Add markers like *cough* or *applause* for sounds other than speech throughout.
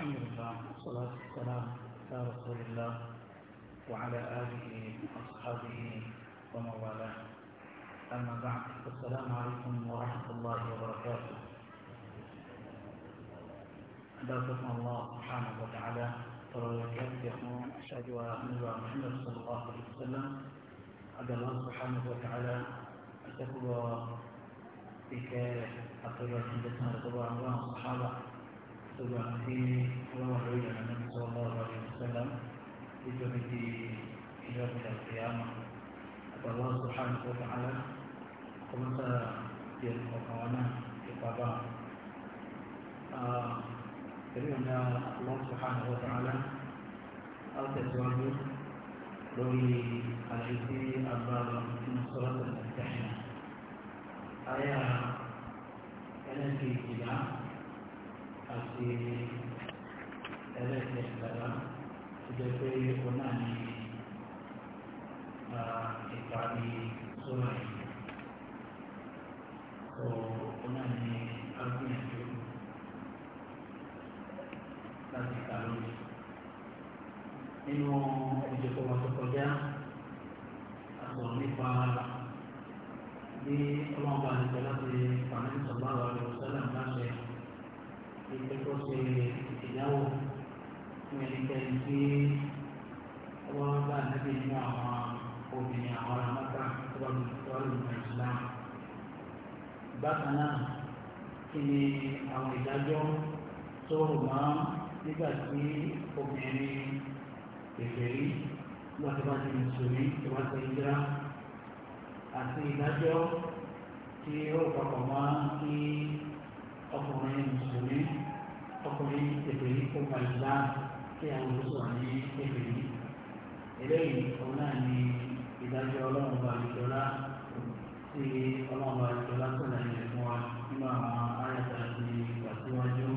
الحمد لله والصلاة والسلام على رسول الله وعلى آله وأصحابه ومن والاه أما بعد السلام عليكم ورحمة الله وبركاته أدعوكم الله سبحانه وتعالى وبركاته أشهد أن لا محمد صلى الله عليه وسلم أدعو الله سبحانه وتعالى أتقوى بك أقوى سنة الله وصحابه gbogbo àti ọlọ́wọ́ lórí ìlànà ní sọ ọlọ́wọ́ lórí ìṣẹ́lá nítorí ti ìjọ ìjà sí àmà àtàwọn sọ̀hánì tó kàn án kọ́mọ́tà ti ẹ̀sùn kọ̀ọ̀kan wọn náà ti pa bá pẹ̀lú ìyọ̀nà àwọn sọ̀hánì tó kàn án á tẹ̀síwájú lórí àlàyé tí a bá lọ nínú sọ́lá tẹ̀síwájú ayé àti ẹlẹ́kẹ̀ẹ́dàdà tó jẹ́ pé ó náà ní ìparí sọ́ra yìí tó ó náà ní agbóyànjú láti kà lórí. nínú ìjọba wa tó kọjá àtọ̀ nípa bí ọlọ́ọ̀bá àti ìjọba ti pàmò ìsọ̀bá wa lọ sọ́dà ńláṣẹ́ ìpè tó ṣe ìdáwó fún ẹnikẹ́ni tí ọlọ́wọ́ bá níbi nínú àwọn obìnrin àwọn arámọ́ta tó bá lù tó lù ní ìsìlámù. bákan náà kí ni àwọn ìdájọ́ tó rò mọ́ nígbà tí obìnrin ìfèrí nígbà tó bá ti mùsùlùmí tó bá ti ń dá àti ìdájọ́ tí ó papọ̀ mọ́ kí ọkùnrin mùsùlùmí ọkùnrin èbèrè kó gba ìlà kí àwọn olùsọ̀ ní èbèrè. eléyìí òun náà ni ìdájọ́ ọlọ́run bá ìjọba tí ọlọ́run bá ìjọba sọ̀rọ̀ ilẹ̀ fún wa nínú àwọn ayàtà ti ìgbà síwájú.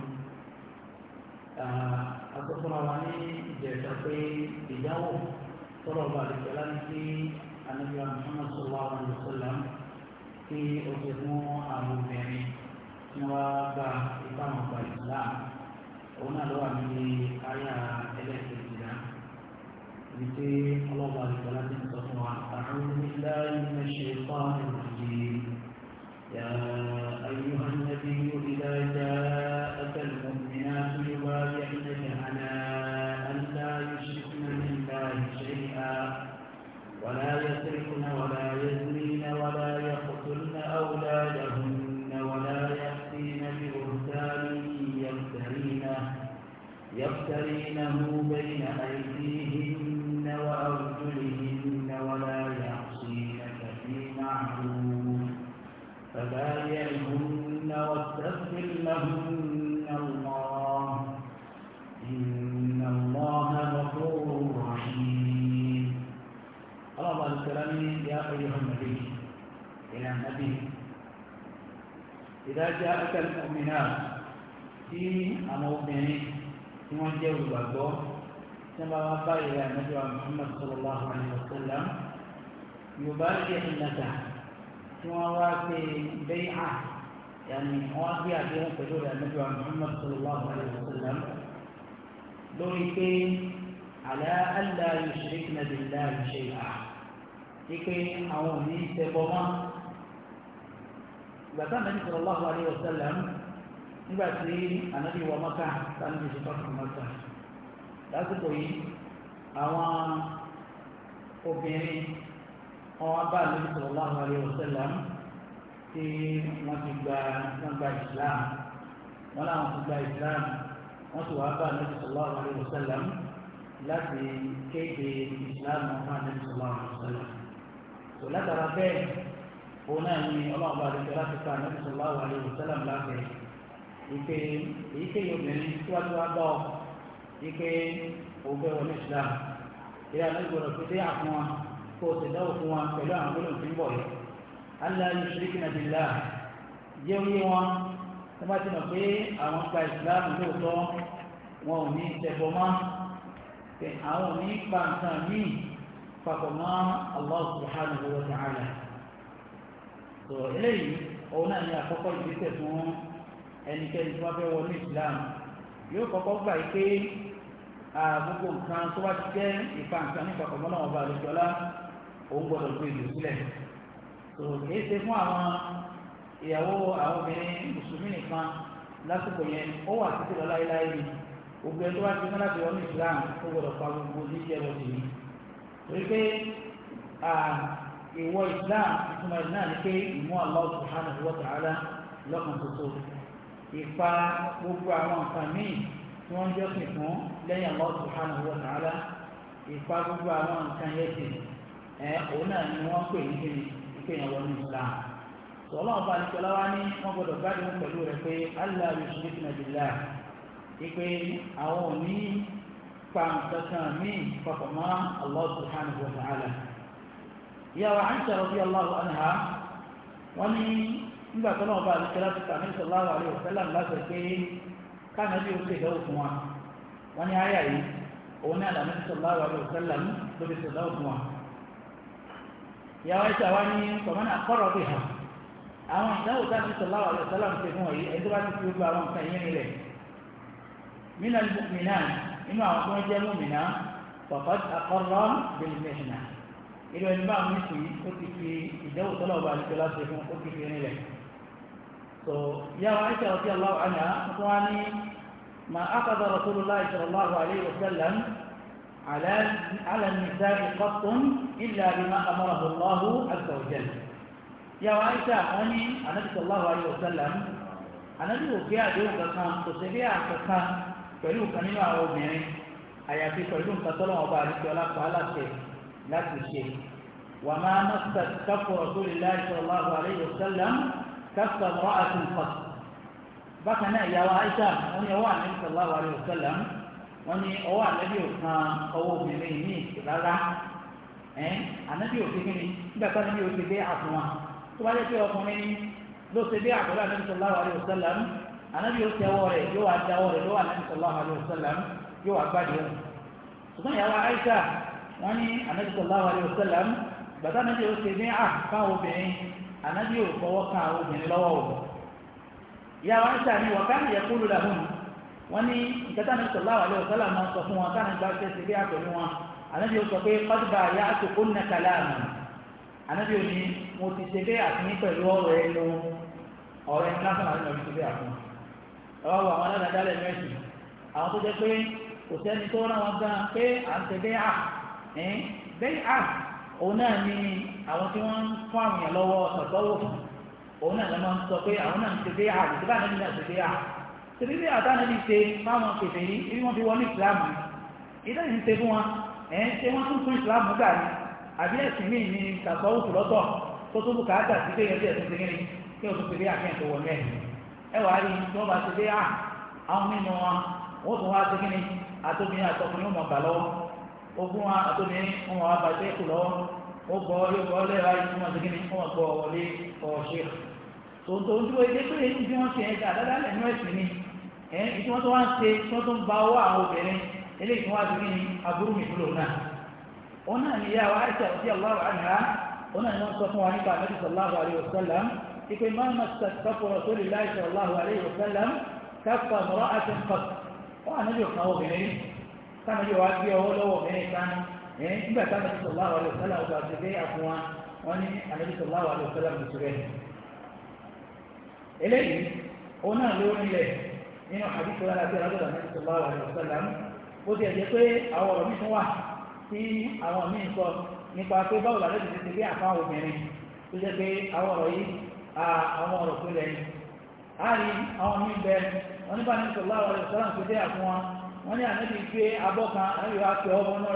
àtọ́kùnrin wa ní ìjẹ̀ta pé ìdáwò tọ́lọ̀ bá ìjọba ní sí anábíà Muhammad sallallahu alaihi wasallam tí ó ti mú àwọn obìnrin tí wọ́n gba ìbámu gba ìsìláàmù òun náà ló wà níbi àyà ẹlẹ́ẹ̀kejì náà ibi tí ọlọ́wọ́ àdìgbọ́lá ti ń sọ fún wa àwọn onílẹ̀ ìṣẹ̀fọ́ àti ìjì yàrá. يفترينه بين أيديهن وأرجلهن ولا يعصينك في معروف فبايعهن واستغفر لهن الله إن الله غفور رحيم الله الكريم يا أيها النبي إلى النبي إذا جاءك المؤمنات tí àwọn obìnrin tí wọ́n jẹ́ olùgbàgbọ́ tí wọ́n bá wá bá ìrẹ́ àmẹ́jọ́ Muhammad sallallahu alaihi wa sallam yorùbá ṣe ìlànà tí wọ́n wá pé bẹ́ẹ̀ à yàní wọ́n gbé àdéhùn pẹ̀lú ìrẹ́ àmẹ́jọ́ Muhammad sallallahu alaihi wa sallam lórí pé àlá àlá yushrikna billahi shay'a ipe àwọn òní ṣẹbọ mọ́ gbàtà mẹ́rin sallallahu alaihi wa sallam. nígbà tí ànábì wọ mọ́kà sáńdì ṣe tọ́kù mọ́kà lásìkò yìí àwọn obìnrin ọwọ́ bá ànábì sallallahu alaihi wasallam tí wọ́n ti gba wọ́n islam wọ́n láwọn ti gba islam wọ́n sì wá bá ànábì sallallahu alaihi wasallam láti kéde islam ọmọ ànábì sallallahu alaihi wasallam kò látara bẹ́ẹ̀ òun náà ni ọlọ́run bá àdéjọ láti ká sallallahu alaihi wasallam láti ike èyíkéyìí obìnrin tíwájú wa bá ọ ike òfé wọlé islam ìyá àti gbọ́dọ̀ pété àfún wa kó o sì dáwọ fún wa pẹ̀lú àwọn gbọ́dọ̀ tí ń bọ̀ yìí allah ní ṣíríkì náà bìlá jẹ́ oyé wọn wọ́n bá ti mọ̀ pé àwọn gba islam lóòótọ́ wọn ò ní tẹ̀bọ̀ mọ́ pé àwọn ò ní pa nǹkan míì papọ̀ mọ́ allah subhanahu wa ta'ala. sọ eléyìí òun náà ní àkọ́kọ́ ìgbésẹ̀ fún ẹnikẹ́ni tí wọ́n fẹ́ wọ ní islam yóò kọ́kọ́ gbà yí pé gbogbo nǹkan tó bá ti jẹ́ ìfà nǹkan nípa kọ̀ọ̀mọ́ náà ọba àlejòọ́lá òun gbọ́dọ̀ gbé ìlú sílẹ̀ tó kìí ṣe fún àwọn ìyàwó àwọn obìnrin mùsùlùmí nìkan lásìkò yẹn ó wà títí lọ láéláé ni gbogbo ẹni tó bá ti ní láti wọ ní islam ó gbọ́dọ̀ pa gbogbo oníṣẹ́ lọ sí i torí pé ìwọ islam ìtumọ̀ ìdí náà ni pé ìmú Allah subhanahu wa ta'ala lọ́kàn tuntun ìpa gbogbo àwọn nǹkan míì tí wọ́n jọ́sìn fún lẹ́yìn Allah subhanahu wa ta'ala ìpa gbogbo àwọn nǹkan yẹn ti ẹ òun náà ni wọ́n pè ní kíni ìpènyàn wọnú Islam sọlọ́n ọba àdìsọ́lá wa ní wọ́n gbọ́dọ̀ gbádùn pẹ̀lú rẹ̀ pé Allah yushrikna billah ìpè àwọn òní pàǹkankan míì papọ̀ mọ́ Allah subhanahu wa ta'ala. ìyàwó Aisha radiyallahu anha wọ́n nígbà tó náà bá àdúgbò láti kàmí sallallahu alaihi wasallam láti pé káàmì bí ó ṣe ìdánwò fún wa wọn ní àyà yìí òun ní àdàmì sallallahu alaihi wasallam ló fi ṣèdánwò fún wa. ìyàwó ẹ̀ṣẹ̀ wa ní kọ̀mọ́nà kọ́rọ̀ bí ha àwọn ìdánwò tá a ti sallallahu alaihi wasallam ṣe fún wa ẹ̀dọ́ bá ti fi gbogbo àwọn nǹkan yẹn nílẹ̀ من المؤمنان إما أقوم جاء مؤمنا فقد أقر بالمهنة إلو إنباء مثلي قلت في إدو طلب على الكلاس يكون قلت so ya wa aisha radiyallahu anha wọ́n ní ma akhadha rasulullah sallallahu alayhi wa sallam ala ala nisa'i qattun illa bima amarahu allah azza wa jalla ya wa aisha wọ́n ní anabi sallallahu alayhi wa sallam anabi ò gbé àdéhùn kankan kò sì gbé àkankan pẹ̀lú kan nínú àwọn obìnrin àyàfi pẹ̀lú nǹkan tọ́lọ́ ọba àdìsí ọlápá aláṣẹ láti ṣe wà máa mọ́sítà káfọ́ kásìkò ọ̀rọ̀ àti nǹkan bákan náà ìyàwó Aisha wọn ni ọwọ́ àlẹ́bí sallallahu alaihi wasallam wọn ni ọwọ́ àlẹ́bí òkan ọwọ́ obìnrin ní ìrara ẹ̀ ànábì òfin ni nígbà tó ànábì òfin gbé àtúnwá tó bá yẹ pé ọkùnrin ni ló ṣe bí àkọlé àlẹ́bí sallallahu alaihi wasallam ànábì ó ti ọwọ́ rẹ̀ yóò da ọwọ́ rẹ̀ lọ́wọ́ àlẹ́bí sallallahu alaihi wasallam yóò wá gbádìí ọ̀hún ṣùgbọ́n ìyàwó Aisha wọn ni sallallahu alaihi wasallam bàtà ànábì ó ti ní à fáwọn obìnrin ànábì ò fọwọ́ kan àwọn obìnrin lọ́wọ́ o ìyá wa ń sàmì wọ́n ká nìyẹn kúrò làwọn mi wọ́n ní ìkẹta ní sọ̀lá wàlẹ́ òsọ́là máa sọ fún wọn ká nígbà tẹ́ sí bí àpẹ̀lú wọn ànábì ò sọ pé kọ́dùbà yá àtòkó nà kálá àmì ànábì ò ní mo ti ṣe bẹ́ẹ̀ àfihàn pẹ̀lú ọ̀rọ̀ ẹnu ọ̀rọ̀ ẹnu lásán àti ọ̀rọ̀ ìṣẹ̀lẹ̀ àfihàn ọ̀rọ̀ àwọn aládàádálẹ̀ mẹ́sì àwọn tó jẹ́ pé kò sẹ́ni tó rán wọn gan pé à ń ṣe bẹ́ẹ̀ à bẹ́ẹ̀ à òun náà ní àwọn tí wọ́n ń fún àwọn yẹn lọ́wọ́ tọ̀tọ́wò òun náà lọ́mọ ń sọ pé àwọn náà ń ha bí àrùn tí báyìí náà ṣe bí àrùn ṣe bí àtàlẹ́ ní ṣe fáwọn pèsè yìí ibi wọ́n fi wọlé ìsìlámù ilé yìí ń ṣe fún wọn ẹ̀ ń ṣe wọ́n tún fún ìsìlámù gbà ní àbí ẹ̀sìn míì ní lọ́tọ̀ tó tó sí pé ẹgbẹ́ ẹ̀sìn ó bọ́ ọ yóò bọ́ ọ lẹ́yìn ayé túmọ̀ sí kíni wọ́n gbọ́ ọ wọlé ọ̀ṣẹ́ tòótọ́ ojú ẹgbẹ́ pé èyí tí wọ́n ṣe ẹ̀ka dáadáa lẹ́nu ẹ̀sìn ni ẹ̀ ìtí wọ́n tó wá ń ṣe tí wọ́n tó ń ba owó àwọn obìnrin eléyìí wọ́n á ti kíni aburú mi fúlò náà òun náà ni ìyá wa àìsàn àti àwọn àná òun náà ni wọ́n sọ fún wa nípa àmẹ́tì sallallahu alayhi wa sallam ipe máa ma sàkàfọ̀ rasulillahi sallallahu alayhi wa sallam káfà mọ́rọ́ àti nǹkan wọ́n àná yóò kàn obìnrin káàmì yóò wá ẹ̀ nígbà táwọn ẹbí sọ̀rọ̀ àwọn ọ̀lẹ́sọ̀lá ọ̀gá ti ọ̀gá ti rẹ̀. eléyìí òun náà ló nílẹ̀ nínú àdìsọ alábẹ́ alábẹ́ àlẹ́bí sọ̀rọ̀ àwọn ọ̀lẹ́sọ̀lá bó ti ẹ̀jẹ̀ pé àwọn ọ̀rọ̀ mi tún wà tí àwọn míì ti ti rí àfáwọn obìnrin tó jẹ́ pé àwọn ọ̀rọ̀ yìí àwọn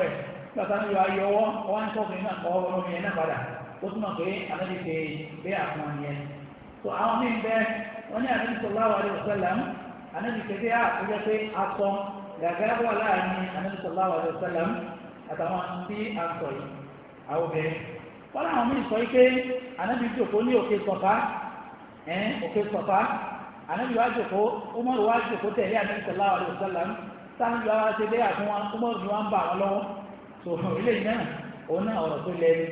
ọ̀rọ̀ kan bàbá mi wà yọ ọwọ́ ọwọ́ ń sọ̀rọ̀ iná kọ́ ọwọ́ mi yẹn náà padà ó túmọ̀ pé àlejò ṣe bẹ́ẹ̀ àfọ̀n yẹn tó àwọn mí bẹ́ wọ́n ní àlejò sọ̀rọ̀ àwọn àlejò sọ̀rọ̀ àlejò ṣe bẹ́ẹ̀ àkójọ pé aṣọ ah, gàgàrà wà láàrin àlejò sọ̀rọ̀ àwọn àlejò sọ̀rọ̀ àtàwọn tí a sọ yìí àwọn obìnrin wọ́n láwọn mí sọ pé àlejò jòkó ní òkè sọ̀fà òkè sọ̀fà àlejò wá jòkó ó mọ̀rọ̀ wá jòkó tẹ̀lé tó ilé iná òun náà ọ̀rọ̀ tó lẹ́nu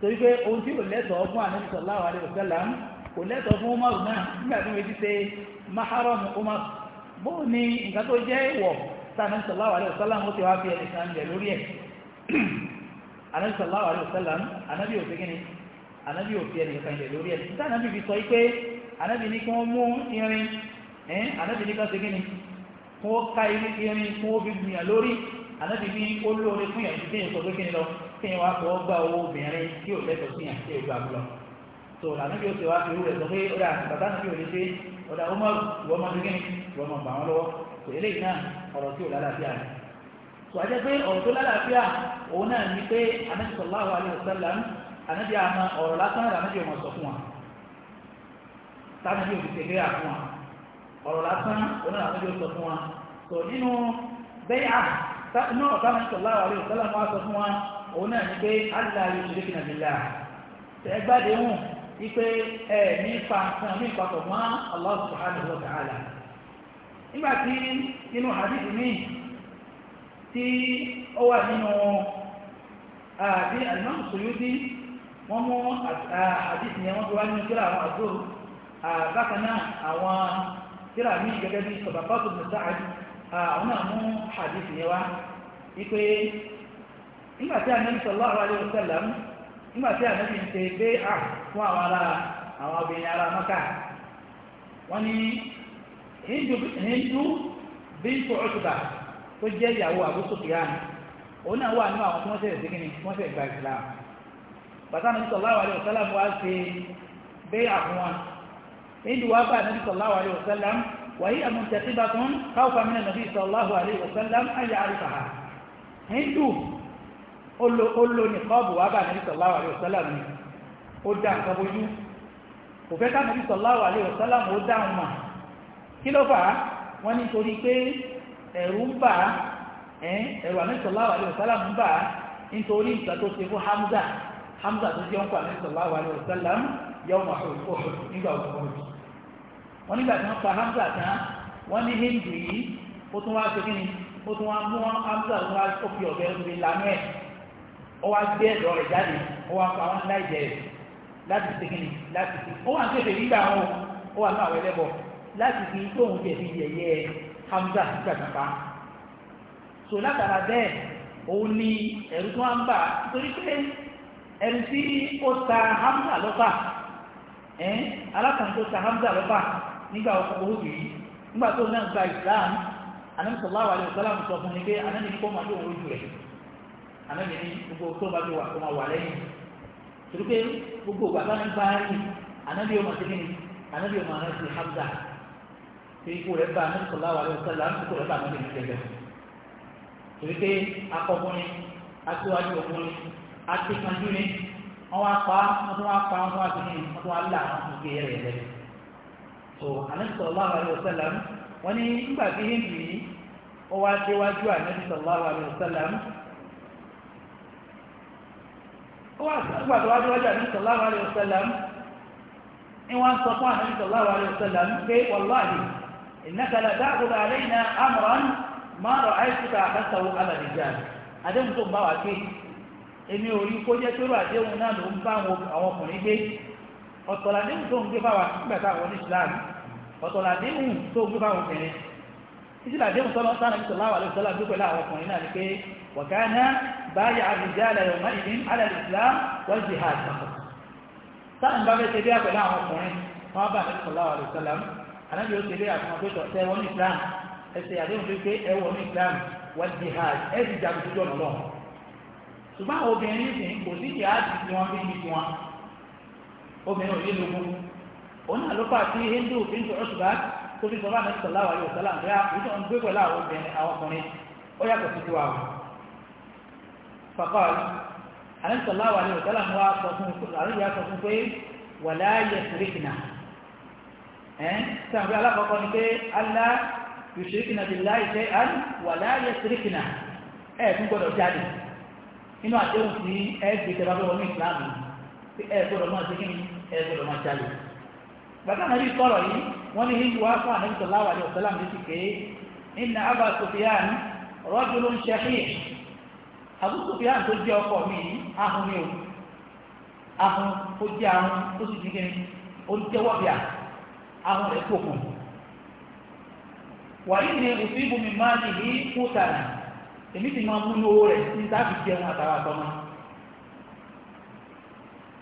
torí pé ohun tí kò lẹ́tọ̀ọ́ fún ànábì sallallahu alaihi wasallam kò lẹ́tọ̀ọ́ fún Umaru náà nígbà tí wọ́n ti ṣe maharam Umaru bó ni nǹkan tó jẹ́ ìwọ̀ tí ànábì sallallahu alaihi wasallam ó ti wá fi ẹ̀sìn àmì ẹ̀ lórí ẹ̀ *clears throat* ànábì sallallahu alaihi wasallam ànábì ò fi kíni ànábì ò fi ẹnìkan ilẹ̀ lórí ẹ̀ tí ànábì fi sọ pé ànábì ní kí wọ́n mú irin ànábì ní kan ṣe kíni kí wọ́n ká irin kí wọ́n fi gbìyàn lórí ànábi ní ó lóore fún yàrá ìdíyẹn sọ pé kí ni lọ kí ni wàá fọ ọgbà owó obìnrin tí ò lẹ́tọ̀ọ́ sí yàn tí ò gbà lọ tó ànábi ó ti wá fi irú rẹ̀ sọ pé ó dà bàbá ànábi ò lè ṣe ọ̀dà ó mọ̀ ìwọ́n mọ̀ kíkíni bà wọ́n lọ́wọ́ kò eléyìí náà ọ̀rọ̀ tí ò lálàáfíà ni tó àjẹ́ pé ọ̀rọ̀ tó lálàáfíà òun náà ní pé ànábi sallallahu alaihi wasallam ànábi àmọ́ ọ̀rọ̀ lásán ànábi ọmọ sọ fún wa tánábi òbí tẹ̀lé àfún wa ọ̀rọ̀ lásán bẹ́ẹ̀ inú ọ̀tá náà sọ̀lá àwàrí òtọ́lá wọn sọ fún wa òun náà ní pé aláàrí ìṣeré fi nàìjíríà ẹgbàdé hùn wípé ẹ ní fa nǹkan ní ìpapọ̀ mọ́ Allah subhanahu wa ta'ala nígbà tí inú hadith mi tí ó wà nínú àbí alimami Suyuti wọ́n mú hadith yẹn wọ́n fi wá nínú kíra àwọn àdúró bákan náà àwọn kíra mi gẹ́gẹ́ bí sọ̀bàbá tó ní Ah, àwọn náà mú hadith wá wípé nígbà tí anabi sallallahu alayhi wa sallam nígbà tí anabi ń ṣe pé à fún àwọn ará àwọn obìnrin ará mọ́kà wọ́n hindu bíntù ọ̀tùbà tó jẹ́ ìyàwó Abu òun náà wà nínú àwọn tí wọ́n ṣe ìdíkì ni wọ́n ṣe ìgbà Islam bàtà nàbí sallallahu alayhi wá wọn hindu wá bá nàbí sallallahu وهي منتقبة خوفا من النبي صلى الله عليه وسلم أن يعرفها هندو قل له قل له نقاب وابا النبي صلى الله عليه وسلم قد قبوجو وفكا النبي صلى الله عليه وسلم قد أمه kí ló fà á wọ́n ní torí pé ẹ̀rù ń bà á ẹ̀rù àmì sallallahu alaihi wasallam ń bà á nítorí ìgbà tó ṣe fún Hamza Hamza tó jẹ́ ń pa àmì sallallahu alaihi wasallam ah? eh, eh, eh, yawma Uhud nígbà òkú ọ̀rọ̀ wọ́n nígbà tí wọ́n pa hamza tán wọ́n ní hindu yìí ó tún wá ṣe kí ni ó tún wá mú hamza wá ó fi ọ̀bẹ ó fi lanú ẹ̀ ó wá gbé ẹ̀dọ̀ rẹ̀ jáde ó wá pa wọn láì jẹ láti ṣe kí ni láti fi ó wà ń tètè nígbà wọn ó wà ní àwọn ẹlẹ́bọ láti fi tó òun jẹ̀ fi yẹ̀yẹ́ hamza nígbà tí wọ́n pa so látara bẹ́ẹ̀ òun ni ẹ̀rù tó wá ń bà nítorí pé ẹni tí ó ta hamza lọ́pàá ẹ̀ alákàntó ta hamza lọ́pàá nígbà ọkọ̀ òkè yìí nígbà tó náà gba islam Ànábì sallallahu alaihi wasallam sọ fún ni pé Ànábì ní kó máa dóhùn ojú rẹ̀ Ànábì ní gbogbo tó bá ti wà kó máa wà lẹ́yìn torí pé gbogbo bàbá mi bá rí Ànábì ọmọ ti ní Ànábì ọmọ rẹ̀ ti Hamza pé ikú rẹ̀ bá Ànábì sallallahu alaihi wasallam ikú rẹ̀ bá Ànábì ní jẹjẹ torí pé akọkùnrin aṣíwájú ọkùnrin akíkanjú ni wọ́n wá pa wọ́n tún wá pa wọ́n tún wá ti ní wọ́n tún wá là wọ́n tún so anabi sallallahu alayhi wa sallam wọ́n ní nígbà tí hindi yìí ó wá déwájú anabi alayhi wa sallam anabi alayhi wa sallam ni wọ́n sọ fún anabi sallallahu alayhi wa sallam pé wàláhi la amran wa na ọ̀tọ̀làdéhùn tó ń gbé fáwà nígbàtà àwọn islam ọ̀tọ̀làdéhùn tó ń gbé fáwọn obìnrin ìsìlàdéhùn tọ́lọ́ sára ìsọ̀ láwà ló sọ́lá gbégbé láwọn ọkùnrin náà ni pé wọ̀gánà báyà àbújáàlà yọ̀mọ́ ìdí alẹ́ islam wọ́n ti hà àtàkọ̀ sáà ń bá fẹ́ tẹ́lẹ̀ pẹ̀lú àwọn ọkùnrin wọn bá àbẹ́ sọ̀ láwà ló sọ́lá anábì ó tẹ́lẹ̀ àwọn akẹ́kọ̀ọ́ tẹ́ wọ́n ní pé ẹ obìnrin ò ní lógún òun náà ló fà sí hindu bíntu ọ̀ṣùgbà tó fi sọ́fà náà sọ̀lá wàlú ọ̀sálà ń bẹ́ẹ̀ ìjọ ń gbé pẹ̀lú àwọn obìnrin àwọn ọkùnrin ó yàtọ̀ sí tiwa o. fàkọ́ àlẹ́ sọ̀lá wàlú ọ̀sálà ń wá sọ fún àlẹ́ yà sọ fún pé wàlá yẹ sùrìkìnà ẹ̀ sàǹgbé alákọ̀ọ́kọ́ ni pé alá yùsùrìkìnà ti láì ṣe án wàlá yẹ sùrìkìnà ẹ̀ tún gbọ́dọ̀ jáde nínú àdéhùn sí ẹ̀ẹ́dì tẹ́lá ẹgbẹ́ lọ́mọ jalè bàtà nàbí sọ̀rọ̀ yìí wọ́n ní hindu wá fún ànábì sallallahu alaihi wasallam létí pé inna Aba Sufyan rajulun shahih Abu Sufyan tó jẹ́ ọkọ mi yìí ahun mi o ahun ó jẹ́ ahun ó sì ti kéde ó jẹ́ wọ́bìà ahun rẹ̀ tó kùn wàyí ni òsì ibùmí máa nìyí kú tààrà èmi ti máa mú ní owó rẹ̀ ní táàbì jẹun àtàwọn àtọ́mọ́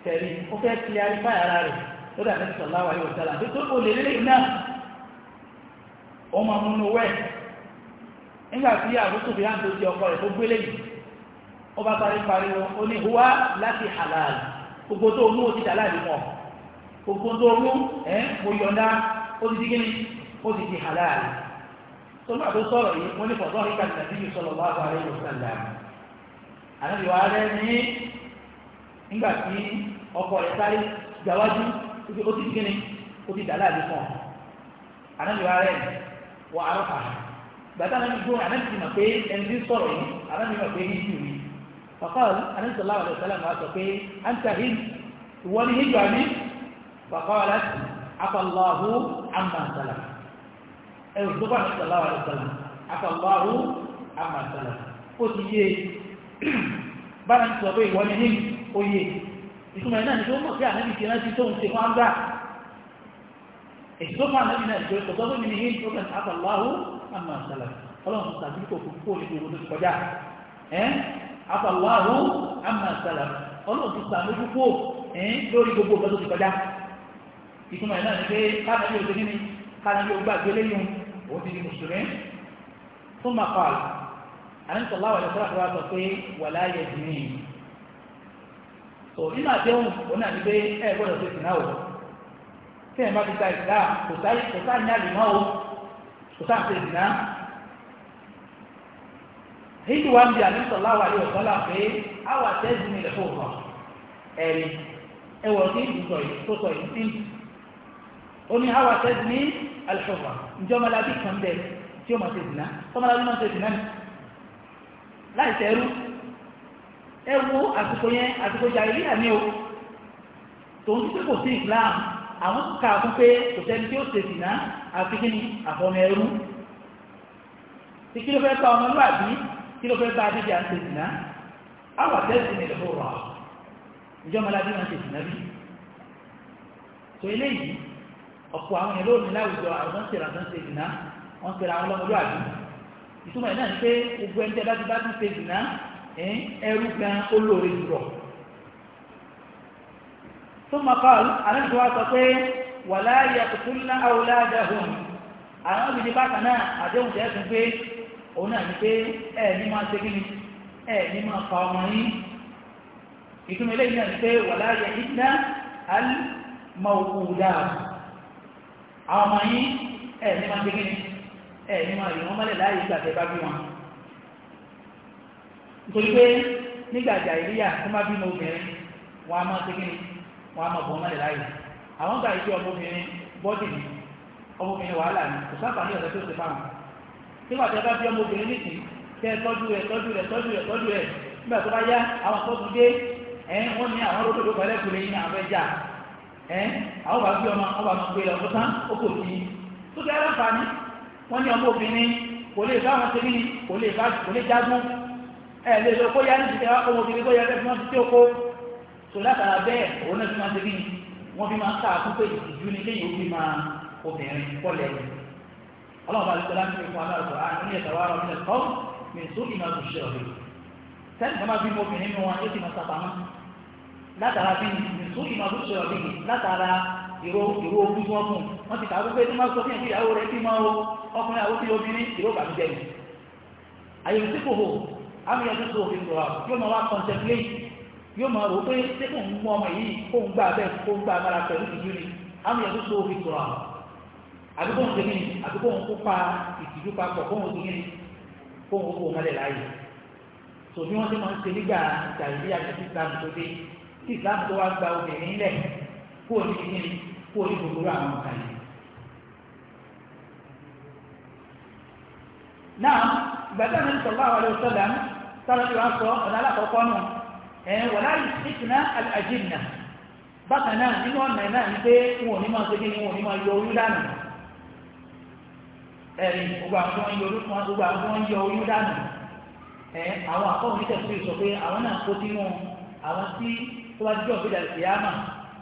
tẹ̀lé ó fẹ́ fi arífáì ara rẹ̀ lórí tó kò lè náà ó máa mú inú nígbà tí àbúkù tó di ọkọ rẹ̀ tó gbélé yìí ó bá parí ó ní láti halal gbogbo tó mú mọ̀ gbogbo tó mú ẹ́ mo yọ̀ǹda ó ti di kíni ó ti di halal tó máa tó sọ̀rọ̀ yìí wọ́n ní ọkọ rẹ̀ sáré gbàwájú ó ti kíni ó ti dàlá àbí fún ọ anájọ ara ẹ̀ wọ arọ́pà gbàtà náà gbó anájọ ti mọ̀ pé ẹni tí ń sọ̀rọ̀ yìí anájọ mọ̀ pé yìí jù rí fàkọ́ọ̀lù anájọ sọ̀lá wàlẹ̀ sọ̀lá máa sọ pé à ń tàhí ìwọ ni híjọ àbí fàkọ́ọ̀lù afọláhu àmàtàlà ẹ̀rù tó bá anájọ sọ̀lá wàlẹ̀ sọ̀lá afọláhu àmàtàlà ó ti yé bára ń sọ pé ìwọ ni híjọ ó ìtumọ̀ iná ni tó mọ̀ sí ànábì ti rántí tó ń ṣe wọ́n gbà èyí tó fún ànábì náà ìjọ ìtọ́jọ́ tó ní ní hìn problem afọláhù àmà ìṣàlẹ̀ ọlọ́run tàbí kò fún kó ní gbogbo tó kọjá afọláhù àmà ìṣàlẹ̀ ọlọ́run ti sàmójú kó lórí gbogbo nǹkan tó ti kọjá ìtumọ̀ iná ni pé káàdì òjò nínú káàdì ògbà so nínú àdéhùn òun náà ni pé ẹ gbọ́dọ̀ ṣe sìnà o tí ẹ bá fi ta ìsìlá kò sáà kò sáà ní àlè mọ́ o kò sáà ṣe sìnà hindu wa ń bi àmì sọ̀lá wà ní ọ̀sọ́lá pé àwọn àtẹ́sí ni ilẹ̀ fò kàn ẹ̀rí ẹwọ̀ sí ìsọ̀ yìí tó sọ yìí sí ó ní àwọn àtẹ́sí ní alẹ́fọ̀fà ìjọmọlábí kan bẹ̀ tí ó máa ṣe sìnà tọmọlábí máa ṣe sìnà láì tẹ́rù ẹ wo àsìkò yẹn àsìkò jàìlíyà ni o tòun ti pé kò sí Islam àwọn kà fún pé kò sẹ́ni tí ó ṣe sì náà àfi kí ni àfọmọ ẹrú tí kí ló fẹ́ bá ọmọlúwàbí kí ló fẹ́ bá adébí à ń ṣe sì náà àwọn àtẹ́sí ni ìdòwò rà ìjọmọlábí máa ń ṣe sì náà bí tó eléyìí ọ̀pọ̀ àwọn èèyàn lónìí láwùjọ àwọn ń ṣèrà ń ṣe ìdìná wọ́n ń ṣèrà àwọn ìtumọ̀ ẹ̀ náà ni pé gbogbo ẹni tẹ́ bá ti bá ti ṣe ìdìná ẹrú gan olóore jùlọ tó máa kọ́ àlejò wa sọ pé wà láàyè àkùtúnlá àwòláàdà hùn àwọn obìnrin bákan náà àdéhùn tẹ́ fún pé òun náà ní pé ẹ ní máa ṣe kíni ẹ ní máa pa ọmọ yín ìtumọ̀ eléyìí náà ní pé wà láàyè ìdá àlùmọ̀ọ́kùdà àwọn ọmọ yín ẹ máa ṣe kíni ẹ máa nítorí pé nígbàjà a máa ṣe kíni wọn a máa bọ̀ mọ́lẹ̀ láyè àwọn gbà ìṣe ọmọbìnrin bọ́dì ni ọmọbìnrin wàhálà ni kò sábà ní ọ̀sẹ̀ tó ṣe fáwọn nígbà tí a bá bí ọmọbìnrin nìkì kẹ́ ẹ tọ́jú rẹ̀ tọ́jú rẹ̀ tọ́jú rẹ̀ tọ́jú rẹ̀ nígbà tó bá yá àwọn akọ́tún dé ẹ̀lẹ́ lọ kó yá ní ti tẹ́wàá kó wọn ti rí kó yá fẹ́ fi ó kó tó látara bẹ́ẹ̀ òun náà fi máa tẹ́bí wọ́n fi máa ń káàkú pé ìjú ní léyìn òbí máa obìnrin kọ́lẹ̀ rẹ̀ ọlọ́run bá lè tẹ́lá ní ìfún aláàbò àárín ní ẹ̀tàwá ọ̀rọ̀ nílẹ̀ kọ́ mi tó ìmọ̀ tó ṣe ọ̀rẹ́ sẹ́ni kan bá bí obìnrin nínú wọn yóò ti máa sàpamọ́ látara bí mi tó ìmọ̀ tó ṣe ọ̀rẹ́ látara ìró ìró ogun tí wọ́n fún wọ́n ti kàwé pé tí wọ́n sọ fún ìyàwó rẹ̀ bí máa ọkùnrin àwọn tí obìnrin ìró bàbí jẹ́ ayélujáfò àwọn yẹn tó tó òfin tó wà yóò máa wá contemplate yóò máa rò pé ṣé kò ń mú ọmọ yìí kó ń gbà bẹ́ẹ̀ kó ń gbà mara pẹ̀lú ìtìjú ni àwọn yẹn tó tó òfin tó wà àdúgbò ń tẹ̀lé àdúgbò ń kópa ìtìjú papọ̀ kó ń tẹ̀lé kó ń kó mọ́lẹ̀ láàyè tò bí wọ́n ti máa ń ṣe nígbà ìtàlí àti Islam tó dé tí Islam tó sábà tí wọ́n sọ ọ̀nà alákọ̀ọ́kọ́ nù ẹ̀ wọ̀lá ìsìnkìná àjìnà bákan náà nínú ọ̀nà náà ní pé wọn ò ní máa segin wọn ò ní máa yọ oyún dànù ẹ̀rí gbogbo àwọn tí wọ́n yọ oyún gbogbo àwọn tí wọ́n yọ oyún dànù ẹ̀ àwọn àkọ́wọ̀n ní tẹ̀síwì sọ pé àwọn náà kó sínú àwọn tí tó bá jọ bí dàlùkì yá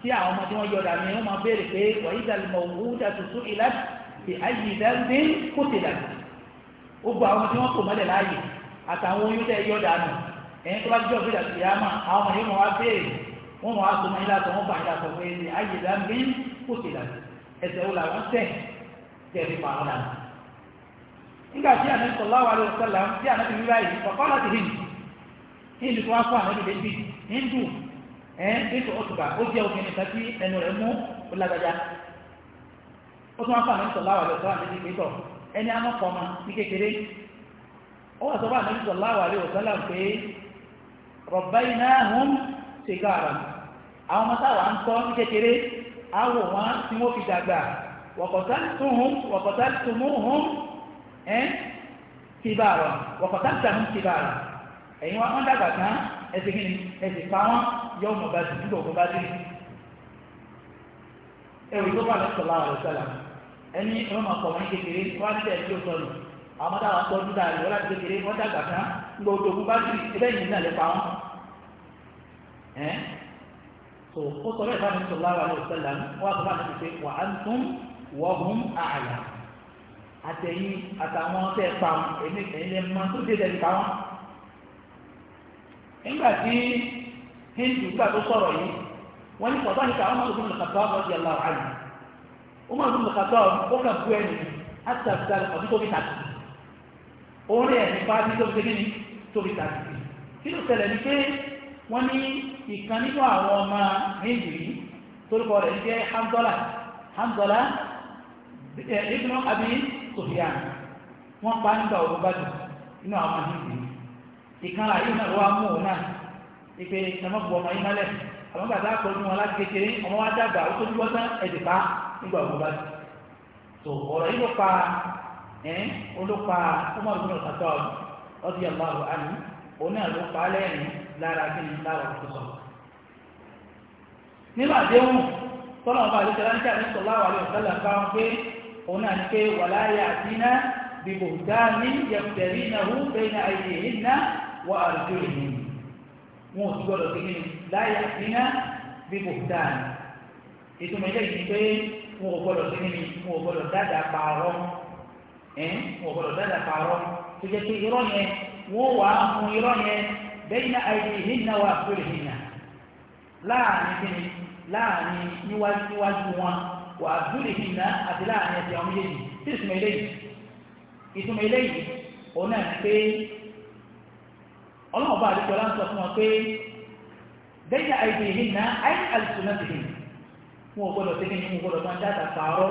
tí àwọn ọmọ tí wọ́n yọ dànù yẹn wọ́n máa béèrè pé wàyí dàlùmọ̀ àtàwọn oyún tẹ yọ dànù ẹ̀yin tó bá jọ bí dàbí yà má àwọn ọmọ yìí wá béèrè wọ́n mọ̀ wá sọmọ yìí látọ̀ wọ́n bà yìí pé ẹ̀ ayé ìlà mi kò sí dànù ẹsẹ̀ wo làwọn tẹ̀ tẹ̀ fi àwọn dànù. nígbà tí àná sọ̀lá wà lọ sọ̀lá tí àná ti rí báyìí kọ̀kọ́ láti rìn hindu tó wá fún àná ti débi hindu ó obìnrin tí ẹnu mú ó tún wá fún àná wà ó wà sọ́bà àmì sallallahu alaihi wasallam pé rabbaynahum sigaran àwọn ọmọ táwa ń tọ́ ní kékeré àwò wọn tí wọ́n fi dàgbà waqataltuhum waqataltumuhum ẹ́ kibara waqataltahum kibara ẹ̀yin wọn dàgbà kan ẹ̀sìn kí ni ẹ̀sìn pa wọn yọ ọmọ bá ti dúró ọmọ bá ti ẹ̀rù tó bá lọ́sọ̀lá àlùsọ̀lá ẹni ọmọ àwọn ọmọdé àwọn tọ́jú dáa ìwọ́n láti kékeré wọ́n dàgbà tán ń gbọ́ ogun bá sì ẹgbẹ́ ìyìn náà lè pa wọ́n. ẹ́ tó ó sọ bẹ́ẹ̀ fáwọn ìṣòro lára ló sẹ́lá wọ́n á sọ fáwọn ìṣòro pé wà á tún wọ́hún àlà àtẹ̀yìn àtàwọn tẹ́ pa ẹ̀lẹ́ mọ́ tó dé tẹ̀lé pa wọ́n. nígbà tí hindu gbà tó sọ̀rọ̀ yìí wọ́n ní sọ̀tọ́ ní káwọn ọmọdé ọmọdé kàtọ́ orí ẹ̀mí pàtí tó fi ní tó fi tàbí nke ó tẹ̀lẹ̀ ní pé wọ́n ní ìkan ibnu Abi Sufyan wọ́n pa nígbà gba bá jù àwọn méjì ìkan àyè náà wá mú òun náà ipe ẹmọ́bù ọmọ yìí àwọn bàtà wọn láti kékeré ọmọ wa dàgbà ó tó dúró tán ẹ̀dìpá nígbà ẹ̀ olópa Umar bin Khattab radiyallahu anhu òun náà ló pa lẹ́yìn lára kí ni lára tó sọ. nínú àdéhùn tọ́lọ̀ ọba àti tẹ̀lá ń tẹ̀lé sọ̀lá wà lóyún sọ́lá bá wọn pé òun náà ní pé wà láyé àdínà bíbò dání yẹ̀pẹ̀rí náà hù ayé yìí wà àrùjọ ìlú wọn ò gbọdọ̀ sí ní láyé àdínà bíbò dání ẹ̀ wọ́n gbọ́dọ̀ dáadáa pààrọ̀ tó jẹ́ pé irọ́ yẹn wọ́n wà á fún irọ́ yẹn bẹ́yìn àìdí hinna wà fúlẹ̀ hinna láàrin kíni láàrin níwájú níwájú wọn wà fúlẹ̀ hinna àti láàrin ẹ̀sẹ̀ ọmọ yẹn tí ìtumọ̀ eléyìí ìtumọ̀ eléyìí òun náà ti pé ọlọ́run àdúgbò láǹtọ̀ fún wọn pé bẹ́yìn àìdí hinna àìdí àlùsùn náà ti hìn wọn ò gbọ́dọ̀ tẹ́kẹ́ ní wọn ò gbọ́dọ̀ máa dáadáa pààrọ̀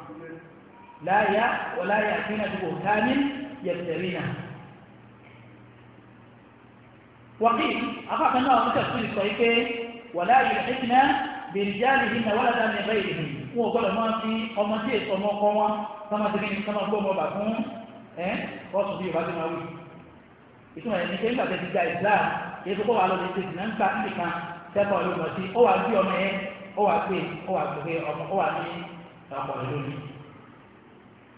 لا ي... ولا يأتينا ببهتان يفترينه وقيل أخاف أنه متفسير صحيح ولا يلحقنا برجالهن ولدا من غيرهن wọn ò gbọ́dọ̀ máa fi ọmọ tí èso ọmọ ọkọ wọn sọmọ tí kìíní sọmọ gbọ́ ọmọ bà fún ẹ bọ́sùn bí yorùbá tó máa wí ìtumọ̀ ẹni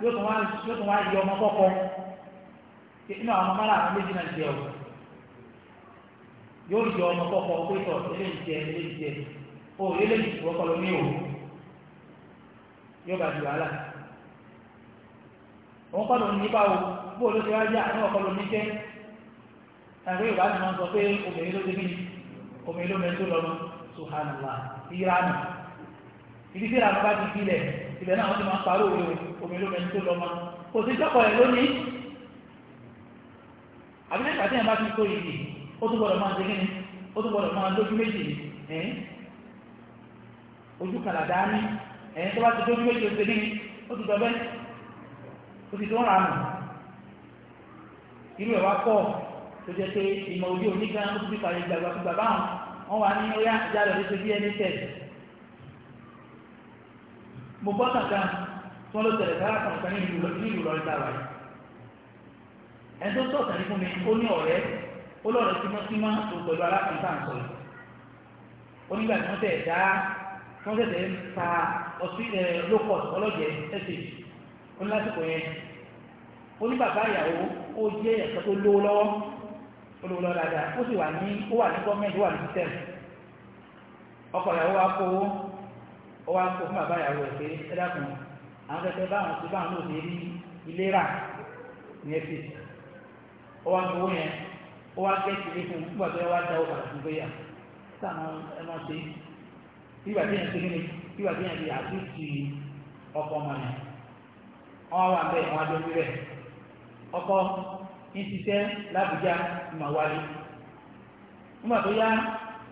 yóò tún wá yọ ọmọ kọ́kọ́ inú àwọn ọmọ aláàbò méjì náà jẹ ọ yóò yọ ọmọ kọ́kọ́ pétọ̀ eléyìí jẹ eléyìí jẹ o eléyìí tó kọ́ ló ní o yóò bá di wàhálà òun kọ́ ló ní báwo bó o ló ti wá yá àwọn ọkọ ló ní jẹ́ tàbí ìwà ni wọ́n sọ pé obìnrin ló débi obìnrin ló mẹ́tò lọ́mọ sùhánàlá ìranù ibi tí ìranù bá ti fi lẹ̀ ìbẹ̀ náà wọ́n ti máa ń parọ́ òwe omi lómi tó lọ́mọ kò sí jọ́kọ̀ ẹ̀ lónìí àbílẹ̀ ìgbà tí ẹ̀ bá ti tó ìdì ó tún gbọ́dọ̀ máa ń segin ni ó tún gbọ́dọ̀ máa lójú méjì ni ojú kàlà dání ẹ̀yìn tó bá ti lójú méjì ó segin ni ó ti dọ̀bẹ́ ó ti tó ń ranù irú ẹ̀ wá pọ̀ tó jẹ́ pé ìmọ̀ òde òní ó ti fi kàlẹ̀ ìgbàgbà fún bàbá wọn wà ní ó yá ìjà lọ́dún mo gbọ́ kàkà tí wọ́n ló tẹ̀lé kára kan kan ní ìlú lọ́rí tá a wáyé ẹni tó sọ̀tàn ní fún mi ó ní ọ̀rẹ́ ó lọ́rẹ̀ tímọ́tímọ́ tó pẹ̀lú alákùnrin sọ yìí ó nígbà tí wọ́n tẹ̀ dá tí wọ́n tẹ̀tẹ̀ ń ta ọtí ẹ lókọ̀ ọlọ́jẹ ẹsẹ̀ ó ní lásìkò yẹn ó ní bàbá ìyàwó ó jẹ́ ẹ̀kọ́ tó lówó lọ́wọ́ ó lówó lọ́wọ́ dáadáa ó sì wà ní ó wà ní gọ́ọ̀mẹ̀ntì ó wá kó fún bàbá a ẹ̀ pé ẹ dákun àwọn tẹ́tẹ́ báwọn ti báwọn ilé rà ní ẹ ó wá yẹn ó wá gẹ́sì lé fún nígbà tó yẹ wá dáwọ́ padà fún sáwọn ṣe tí yẹn ti rí ni tí yẹn ti ọkọ ọmọ yẹn wọn wọn ọkọ ń nígbà tó yá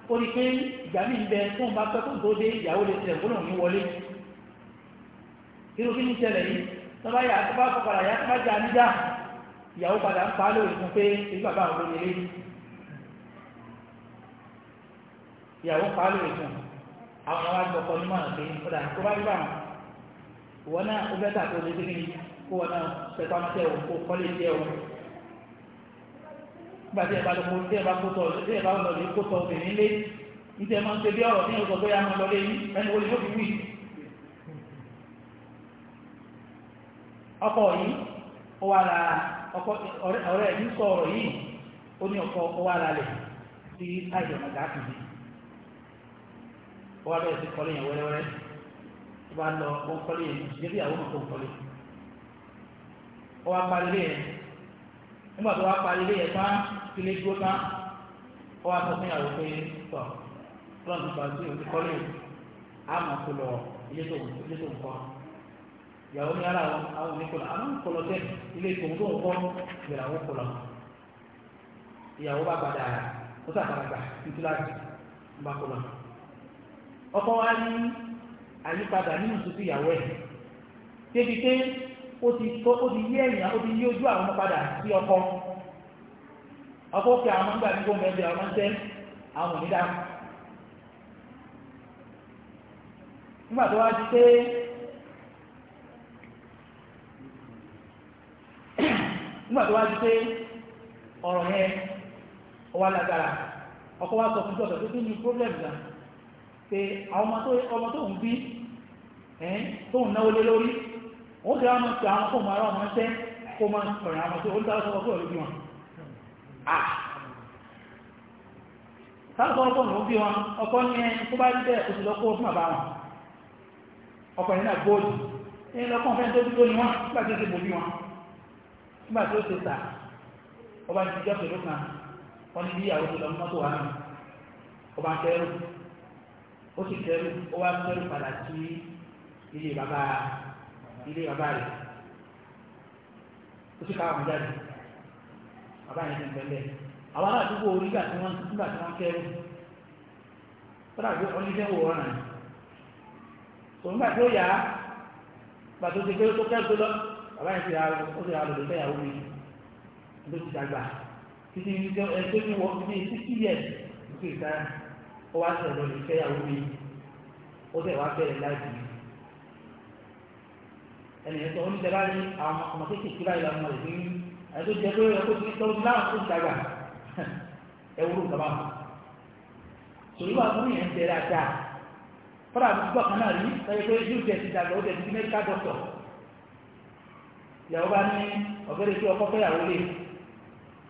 ó rí pé ìgbà mi ń bẹ tó ń bá pẹ́ tó ń tó dé ìyàwó lè tẹ̀ gbọ́dọ̀ ní wọlé irú kí ní ṣẹlẹ̀ yìí tó bá yà tó bá fọkàrà yà tó bá jà níjà ìyàwó padà ń pa á lórí fún pé èyí bàbá àwọn olóyè lé ìyàwó pa á lórí fún àwọn àwọn àgbọ̀kọ ní mọ̀ràn pé kódà tó bá rí bá wọn ìwọ náà ó bẹ́tà tó lé sí kó wọn náà tẹ̀tọ́ àmọ́tẹ́ òun kó kọ́lé jẹ́ òun nígbà tí ẹ bá lọ́kọ́ tí ẹ bá kótó tí ẹ bá lọ́lọ́ obìnrin lé ní tẹ́ máa ń ṣe bí ọ̀rọ̀ tí yóò sọ pé máa lọ lé ẹni wo ni yóò fi wí. ọkọ yìí ó wà ra sọ ọ̀rọ̀ yìí ó ní ó wà ra lẹ̀ sí ó sí kọ́lé yẹn wẹ́rẹ́wẹ́rẹ́ bá lọ ó kọ́lé yẹn àwọn ọmọ tó ń kọ́lé ó parí lé yẹn nígbà tó wá parí ilé yẹn tán ilé dúró tán ó wá sọ fún ìyàwó pé tọ ọlọ́run ti gbàgbé òun ti kọ́lé àmọ́ kò lọ ilé tó ilé tó ń kọ́ ìyàwó ní ara àwọn oníkọlọ àwọn oníkọlọ tẹ ilé tó ń tó ń kọ́ ìyàwó kọlọ ìyàwó bá padà ó sàgbàgbà títúláàtì ń bá kọlọ ọkọ wa ní àyípadà nínú tuntun ìyàwó ẹ débi pé ó ti kọ́ ó ti yí ẹ̀yìn ó ti yí ojú àwọn padà sí ọkọ ọkọ kí àwọn ọmọ gbàgbé gbọ́n mẹ́bí àwọn ọmọdé àwọn òní dáhùn nígbà tó wá di pé *coughs* nígbà tó wá di pé ọ̀rọ̀ yẹn ó lágbára ọkọ wa sọ fún jọ̀dọ̀ tó tún ní problem náà pé àwọn ọmọ tó ń bí tóun náwó lé lórí wọ́n ti rámọ́ sí àwọn fóòmù ara ọmọ ẹsẹ́ kó máa ń pẹ̀rẹ̀ àwọn tí ó ń dára sọ́wọ́ fóòmù lójú wọn sáàtọ̀ ọgbọ̀n ló bí wọn ọkọ ní ẹni tó bá jẹ́ oṣù lọ́kọ́ fún àbá wọn ọkọ̀ ìrìnà góòlù ní lọ́kọ̀ fẹ́ tó dúró ní wọn nígbà tí ó ti bò bí wọn nígbà tí ó ti tà ọba ní ìjọ pẹ̀lú kan wọn ní bí ìyàwó tó lọ mọ́tò ilé bàbá ilé bàbá rẹ̀ ó sì ká àwọn jáde bàbá yẹn ti ń tẹ̀lé àwọn ará àdúgbò onígbà tí wọ́n nígbà tí wọ́n kẹ́rù tọ́lá ìgbé oníṣẹ́ wò ọ̀ràn tó nígbà tí ó yá tó ti tó kẹ́rù tó lọ bàbá yẹn ti ra ó ti ra lòdì ẹni ẹ̀tọ́ oníṣẹ́lá ní àwọn ọmọ kéékèèké báyìí làwọn ọmọ rẹ̀ ní ẹ̀tọ́ jẹ́ pé ẹ̀kọ́ ti tọ́jú láwọn tó dàgbà ẹ̀wúrò kàmá. sòrí wà fún yẹn jẹ dáadáa fọlá àti gbọ́ kan náà rí ẹ̀yẹ pé yóò jẹ ti dàgbà ó jẹ ti mẹ́ríkà dọ́tọ̀ ìyàwó bá ní ọ̀gẹ́rẹ́ tí ọkọ fẹ́yàwó lè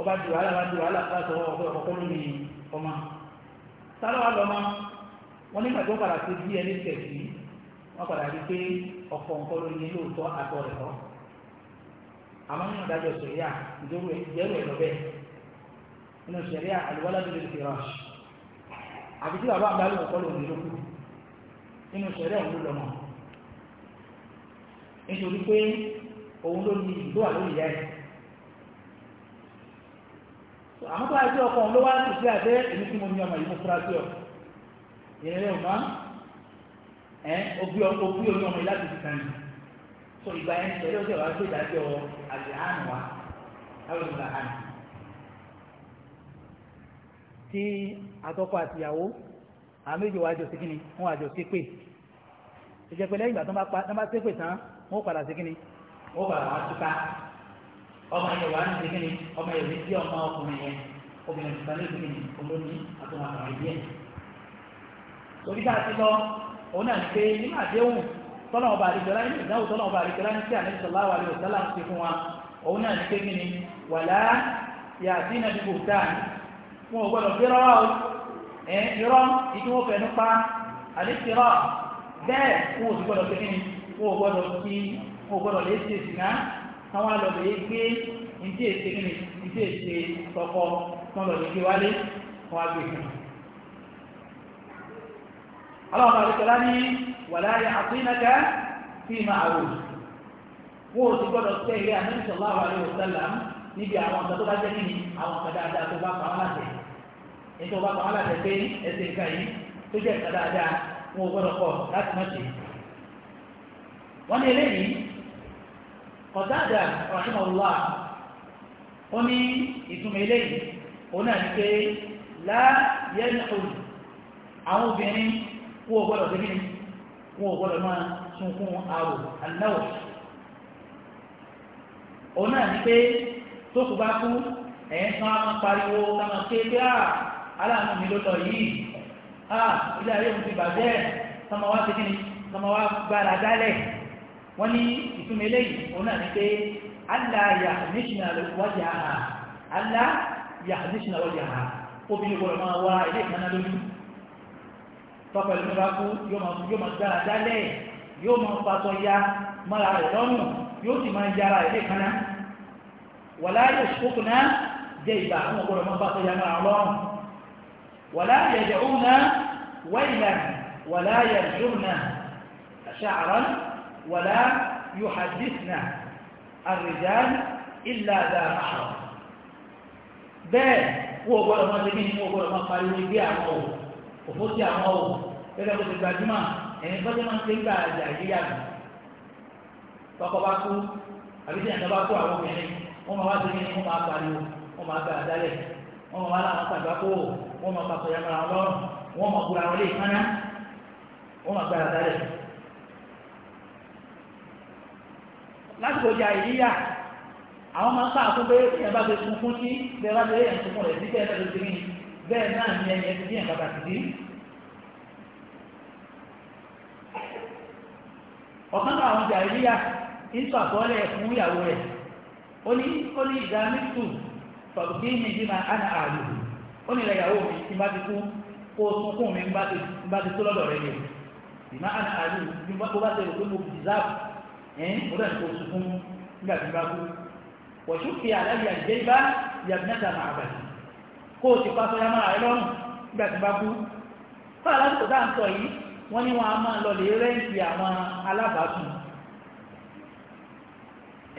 ọba di wàhálà wa di wàhálà fún àtọwọ́ ọkọ ọkọ lórí ọmọ sálọ́wà lọ́mọ wọn nígbà tó padà sí bí ẹni tẹ̀sí wọ́n padà rí pé ọkọ nǹkan ló ní lóòótọ́ àtọ̀ rẹ̀ lọ. àmọ́ nínú ìdájọ́ sẹ̀ríà ìjọ́rú ìjẹ́rú ẹ̀ lọ bẹ́ẹ̀ nínú sẹ̀ríà àlùwálá ló lè fi rà àbí tí bàbá àgbà lóòótọ́ ló ní lókù nínú sẹ̀ríà òun ló lọ mọ́ nítorí pé òun ló ní ìdó àlóyè yá ẹ̀ àmọ́ tó àìsí ọkọ̀ òun ló wá sí àtẹ́ èmi tí mo ní ọmọ yìí mo fura sí ọ ìrẹ́lẹ̀ ò máa ẹ obi obi omi ọmọ yìí láti fi kàn yìí so ìgbà yẹn sọ yóò jẹ wàá gbé ìdájọ́ àti àánú wa àwọn ìgbà àánú. tí atọ́kọ àti ìyàwó àwọn méjì wàá jọ sí kíni wọn àjọ sí pé ìjẹpẹ lẹ́yìn ìgbà tó ń bá ṣépè tán wọn padà sí kíni wọn padà wá túká ọmọ yẹn wà ní sikini ọmọ yẹn ní tí ọmọ ọkùnrin yẹn obìnrin ti sáré sikini olómi àtọmọkùnrin díẹ̀. torí tá òun náà ní pé nínú àdéhùn tọ́lọ̀ ọba àdìjọlá nínú ìdáwò tọ́lọ̀ ọba àdìjọlá ní sí àlejò sọ̀lá wa òun náà ní ni wàlá yàtí náà ti ọlọ́run àríkọlá ní wàlá ya'sinaka fi ma'ruf wọ́n ò sì gbọ́dọ̀ tẹ́ ilé Ànábì sallallahu alaihi wasallam níbi àwọn ọ̀sán tó bá jẹ́ nínú àwọn ọ̀sán dáadáa tó bá pa wọ́n láti èyí tó bá pa wọ́n láti pé ẹsẹ̀ nǹkan yìí tó jẹ́ nǹkan dáadáa wọn ò gbọ́dọ̀ kọ̀ láti má ṣe. wọ́n ní eléyìí Qatada rahimahullah ó àwọn obìnrin wọ́n gbọ́dọ̀ sí kíni wọ́n gbọ́dọ̀ máa sunkún arò aláwọ̀ òun náà ni pé tó kù bá kú ẹ̀yìn kan á máa pariwo ká máa ké pé à ah, aláàánú mi ló lọ yìí à ah, ilé ayé òun ti bàjẹ́ sọmọ wá sí kíni sọmọ wá gbára dálẹ̀ wọ́n ní ìtumọ̀ eléyìí òun náà ni pé aláàyà níṣìnà wájà àhà aláàyà níṣìnà wájà àhà obìnrin gbọ́dọ̀ máa wá ilé ìkànnà lójú tọ́pọ̀ ìlú bá kú yóò máa dára dálẹ̀ yóò máa fatọ́ ya mọ́ra rẹ̀ lọ́rùn yóò sì máa yára rẹ̀ lẹ́kaná wàlá yóò ṣokùn náà jẹ ìgbà àwọn ọgbọ́n máa fatọ́ ya mọ́ra lọ́rùn wàlá yẹ̀dẹ̀ òun náà wẹ́ìlà wàlá yẹ̀dùn náà ṣàárọ̀ wàlá yóò hadith náà àrìjáde ìlà dáa bẹ́ẹ̀ wọ́n gbọ́dọ̀ máa ṣe kí ni wọ́n gbọ́dọ̀ máa pariwo ní bí àwọn òun òfó sí àwọn o gẹ́gẹ́ bó ti gbajúmọ̀ ẹ̀yin gbọ́dọ̀ máa ń ṣe gbà àjà tọkọ bá kú àbí tí ẹ̀ka bá kú àwọn obìnrin wọ́n máa wá sí ní wọ́n máa pariwo máa gbà máa wá láwọn máa wọn máa ìkánná máa gbà lásìkò ìjà àwọn máa ń pé bá ti bẹ́ẹ̀ náà ni ẹni ẹni bí ẹ̀ka ti dé. ọ̀kan náà àwọn ọjà ìlíyà ń sọ àkọọ́lẹ̀ fún ìyàwó rẹ̀ ó ní ó ní ìdá mítù tọ̀bí mi bí máa ánà àlù ó ní ìyàwó mi ti bá ti kú kó mi bá ti tó lọ́dọ̀ rẹ̀ máa àlù bí bá ti rò pé mo záàbù kó o sì pa sọ́yá lọ́rùn ń yìí wọ́n ní wọn a máa lọ lè rẹ́ǹtì àwọn alábàákùn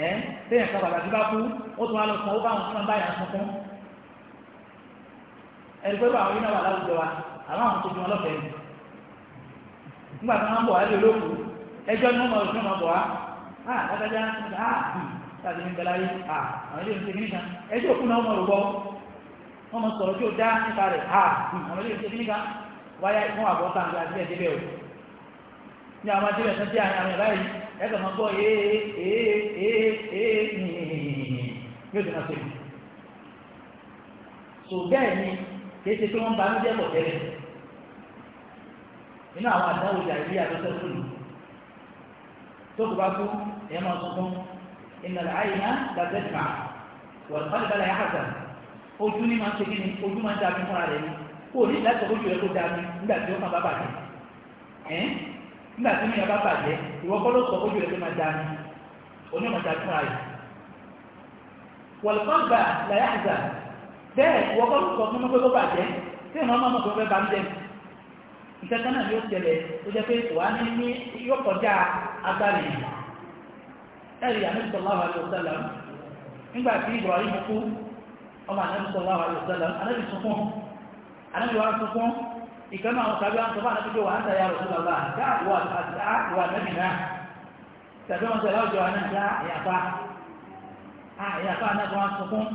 ẹ́ tẹ́yìn kan bàbá tí bá kú ó tún wá lọ sanwó báwọn tí wọ́n bá yà ẹni pé báwọn láwùjọ wa àwọn àwọn tó fi wọn lọ́fẹ̀ẹ́ ni nígbà tí wọ́n bọ̀ wá lé olóòkú ẹjọ́ ni wọ́n mọ̀ bọ̀ wá wọ́n mọ̀ sọ̀rọ̀ tí ó dá nípa rẹ̀ ha àwọn ilé ìṣẹ́ nígbà wáyá ìfún àbọ̀tà àti àti ẹ̀dẹ́bẹ̀ o ní àwọn adébẹ̀ tó dé àwọn ẹ̀rọ yìí ẹ̀kọ́ máa gbọ́ ee ee ee ee ni kì í ṣe pé wọ́n bá ní jẹ́bọ̀ tẹ́lẹ̀ nínú àwọn àdáwò ìyá ìlú àtọ́tọ́ tó lù tó bá kú ẹ̀ máa ojú ní máa ń ṣe kí ni ojú máa ń ni kó ní láti ojú rẹ̀ kó dàbí nígbà tí ó máa bá bàjẹ́ ẹ́ nígbà tí mímọ̀ bá bàjẹ́ ìwọ kọ́ ló sọ ojú rẹ̀ tó máa dàbí oní máa dàbí fúnra rẹ̀ wọ̀lùkọ́gbà làyà àgbà bẹ́ẹ̀ ìwọ kọ́ ló sọ fún tó fẹ́ bá ìtẹ́tẹ́ náà yóò tẹ̀lé ó ọmọ anábì sallallahu alaihi wasallam anábì sunkún anábì wa sunkún ìkẹ́mọ̀ àwọn sàbí wọn sọfá anábì Rasulullah dáàbò àtàwà anábì náà tàbí wọn sọlá ọjọ́ anábì àyàfà àyàfà anábì wọn sunkún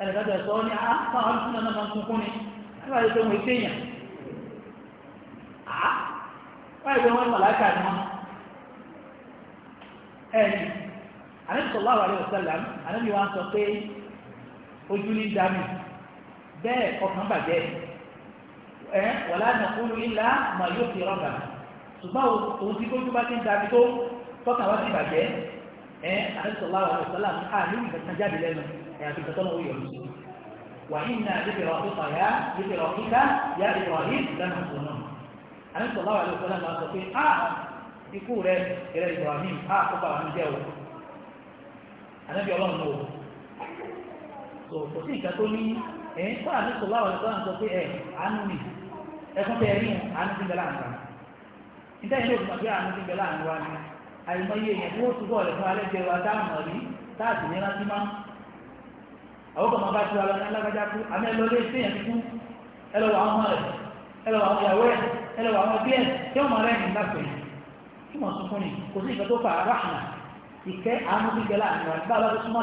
ẹnìkàtà sọ ní àpá ọdún náà máa sunkún ni nígbà tó wọn ètè yàn á báyìí pé wọn wà láàkà ni wọn ẹni anábì sallallahu alaihi wasallam anábì sọ pé ojú ní dàmì bẹ́ẹ̀ ọkàn bàjẹ́ ẹ wọ̀lá nàkúrú ilá mà yóò fi rọ́gà ṣùgbọ́n òun ti kójú bá ti ń dàmì tó tọ́ka wá sí bàjẹ́ ẹ àdìsọ́lá wà lọ́sọ́lá à ní ìgbàkan jáde lẹ́nu ẹ̀ àti ìgbàkan náà yọ̀ lọ́sọ́ wà ní ìnà ìdíkẹ̀rọ̀ ọ̀tọ̀ yá ìdíkẹ̀rọ̀ kíkà yá ìdíkẹ̀rọ̀ yìí lẹ́nu ọ̀tọ̀ náà àdìsọ́lá wà lọ́sọ́lá máa sọ pé a ikú rẹ̀ ìrẹ̀ ìdíkẹ̀rọ̀ yìí a kó bá wà jẹ́ o àdìsọ́lá so kò sí nǹkan tó ní ẹ̀ ń kọ́ àdúgbò láwọn ẹ̀kọ́ àǹtọ́ pé ẹ̀ àánú mi ẹkún tẹ ẹ̀rí àánú ti ń bẹ láàrin wa níta ìlú àánú ti ń bẹ ni àìmọye èèyàn tí wọ́n túbọ̀ rẹ̀ fún alẹ́ jẹ wa dáhùn ọ̀rí kan máa bá tiwa lọ ní alágbájá kú àmì ẹ lọ lé sí ẹ̀yàn kíkú ẹ lọ wà àwọn ọmọ rẹ̀ ẹ lọ wà àwọn ìyàwó rẹ̀ ẹ lọ wà àwọn ẹbí ẹ̀ tí wọ́n máa rẹ̀ ní lápẹ̀ kí wọ́n sunkún ni kò sí ìfẹ́ tó fà á ráhùn ìkẹ́ àánú ti ń bá a bá tó súnmọ́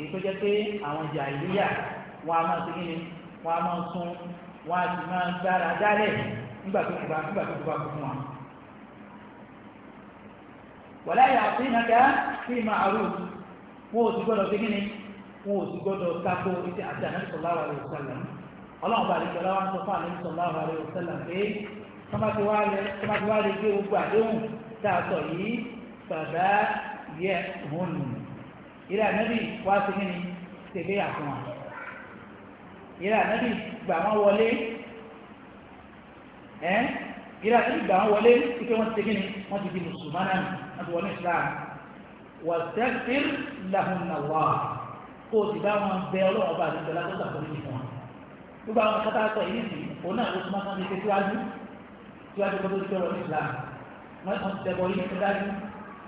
èyí tó jẹ́ pé àwọn jàìlíyà wọn a máa segin ni wọn a máa sun wọn a sì máa gbára dálẹ̀ nígbà tó kùbá nígbà tó kùbá kù fún wa. wàlá yà sí nàkà sí màálù wọn ò sì gbọ́dọ̀ segin ni wọn ò sì gbọ́dọ̀ sáko iṣẹ àti ànábì sallallahu alaihi wasallam Ọlọ́run bá lè jọlá wọn sọ fún ànábì sallallahu alaihi wasallam pé tọ́mátì lè gbé gbogbo àdéhùn tá a sọ yìí bàbá yẹ hùn nù ilé ànábì wá sí kí ni tègbé àfún wa ilé ànábì gbà wọn wọlé ẹ ilé ànábì gbà wọn wọlé ike wọn ti kí ni wọn ti di mùsùlùmánà wọn ti wọlé islam wàtẹ́fìr làhùnàwà kó o ti bá wọn yìí sì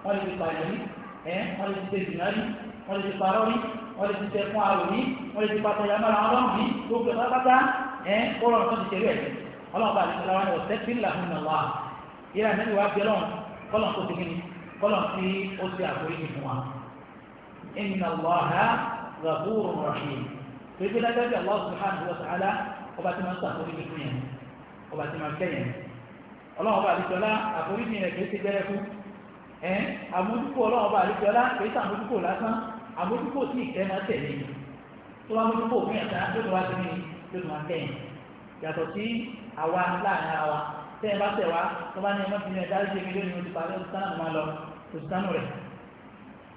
òun lè ti pààyàn yìí wọ́n lè ti parọ́ rí wọ́n lè ti tẹ fún àrò rí wọ́n lè ti pàtó yamara ọlọ́run rí gbogbo pátápátá ẹ̀ ó rọrùn tó ti tẹ̀lé ẹ̀ ọlọ́run bá àdìsí láwọn ọ̀sẹ̀ tí ń là fún wa ìlànà mẹ́rin wá bẹ́ẹ̀ lọ́run kọ́lọ̀n tó ti kí ni kọ́lọ̀n tí ó ti àforíjì fún wa. inna Allaha ghafurur rahim pépé lágbàdì Allah subhanahu wa ta'ala ọba tí ma ń sàforíjì fún yẹn ọba tí ma ń kẹ́yìn ọlọ́run bá àdìsí ọlá àforíjì yẹn kì í ti bẹ́rẹ̀ fún ẹ̀ àmójúkò ọlọ́ọ̀bá àríkọ́lá kìí sàmójúkò lásán àmójúkò tí ìkẹ́ máa tẹ̀lé tó bá mójúkò fún ẹ̀ta tó tó wá sí ní tó tó máa tẹ̀yìn yàtọ̀ sí àwa láàrin ara wa tẹ́ ẹ bá tẹ̀ wá tó bá ní ẹmọ́ ti ní ẹ̀dá ṣe mi lónìí oṣù parí oṣù sánà máa lọ oṣù sánà rẹ̀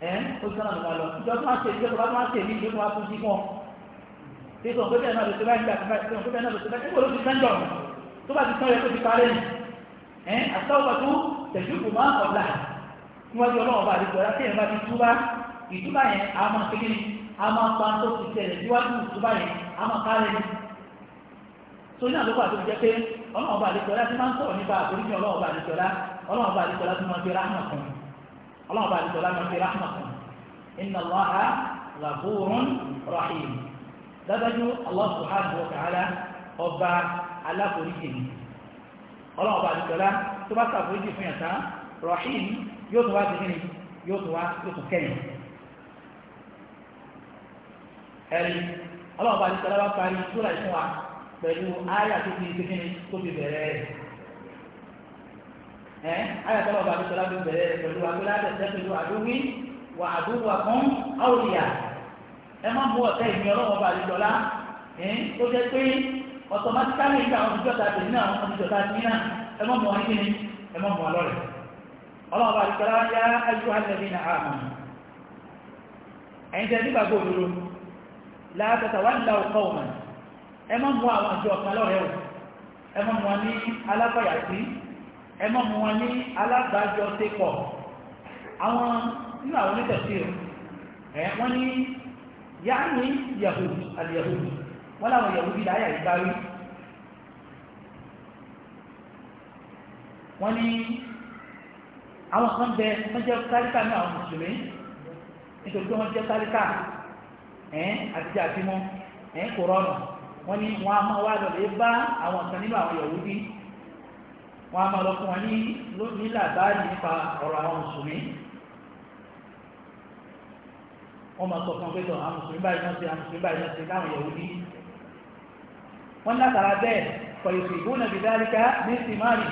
ẹ̀ oṣù sánà máa lọ ìjọ tó máa ṣe ìjọ tó bá máa ṣe mí ìjọ tó máa kún sí fún ọ tẹsán pé bẹ́ẹ̀ náà lọ sí báyìí gbà tẹsán pé bẹ́ẹ̀ náà lọ sí báyìí ìgbòho ti sáńjọ tó bá ti sán rẹ̀ tó ti parí ẹ̀ àtàwọn pàtó tẹ̀síkù máa ọ̀la níwájú ọlọ́run bá àdìgbò láti ẹ̀rọ bá ti túbá a máa fi ama a máa pa tó ti tẹ̀lẹ̀ níwájú ìtúbá yẹn a máa kárẹ̀ ni. tó ní àlọ́kọ̀ àti òjẹ́ pé ọlọ́run bá àdìgbò láti máa ń sọ̀rọ̀ nípa àforíjì ọlọ́run bá àdìgbò lá bá àdìgbò máa yóò tún wá ti kíni yóò tún wá yóò tún kẹ́yìn ẹ̀rí ọlọ́run bá ti sọ lọ́wọ́ parí sóra ìfún wa pẹ̀lú àyà tó ti ti kíni tó ti bẹ̀rẹ̀ ẹ̀ àyà tó lọ́wọ́ bá ti sọ lọ́wọ́ bẹ̀rẹ̀ pẹ̀lú agbélá tẹ̀sẹ̀ pẹ̀lú àdúwí wà àdúwò àkún àwòrìyà ẹ má mú ọ̀tẹ́ ìmí ọlọ́run bá ti sọlá tó jẹ́ pé ọ̀tọ̀mátíkálì ìgbà àwọn ìjọta tèmi náà àwọn ìjọta tèmi náà ẹ má mú ọ ọlọ́run bá dìkọ́lá yá ayú alẹ́bí na àmà ẹ̀yìn tẹ́ nígbà gbòòrò látàtà wà nílá ọkọ̀ ọmọ ẹ mọ́ mú àwọn àjọ ọ̀kan lọ́rẹ̀ ò ẹ mọ́ mú wọn ní alábàyàtí ẹ mọ́ mú wọn ní wọ́n ní àwọn kan bẹ wọ́n jẹ́ tálíkà ní àwọn mùsùlùmí nítorí pé wọ́n jẹ́ tálíkà ẹ̀ẹ́n àtijọ́ àti mọ́ ẹ̀ẹ́n kò rọrùn wọ́n ní wọ́n á máa wá lọ lè bá àwọn kan nínú àwọn Yahudi wọ́n á máa lọ fún wọn ní nílà báyìí nípa ọ̀rọ̀ àwọn mùsùlùmí wọ́n máa sọ fún wọn pé tọ̀ àwọn mùsùlùmí báyìí náà ṣe àwọn mùsùlùmí báyìí náà ṣe láwọn Yahudi wọ́n látara bẹ́ẹ̀ pẹ̀lú ìbúnà bìdálíkà ní sìmáàlì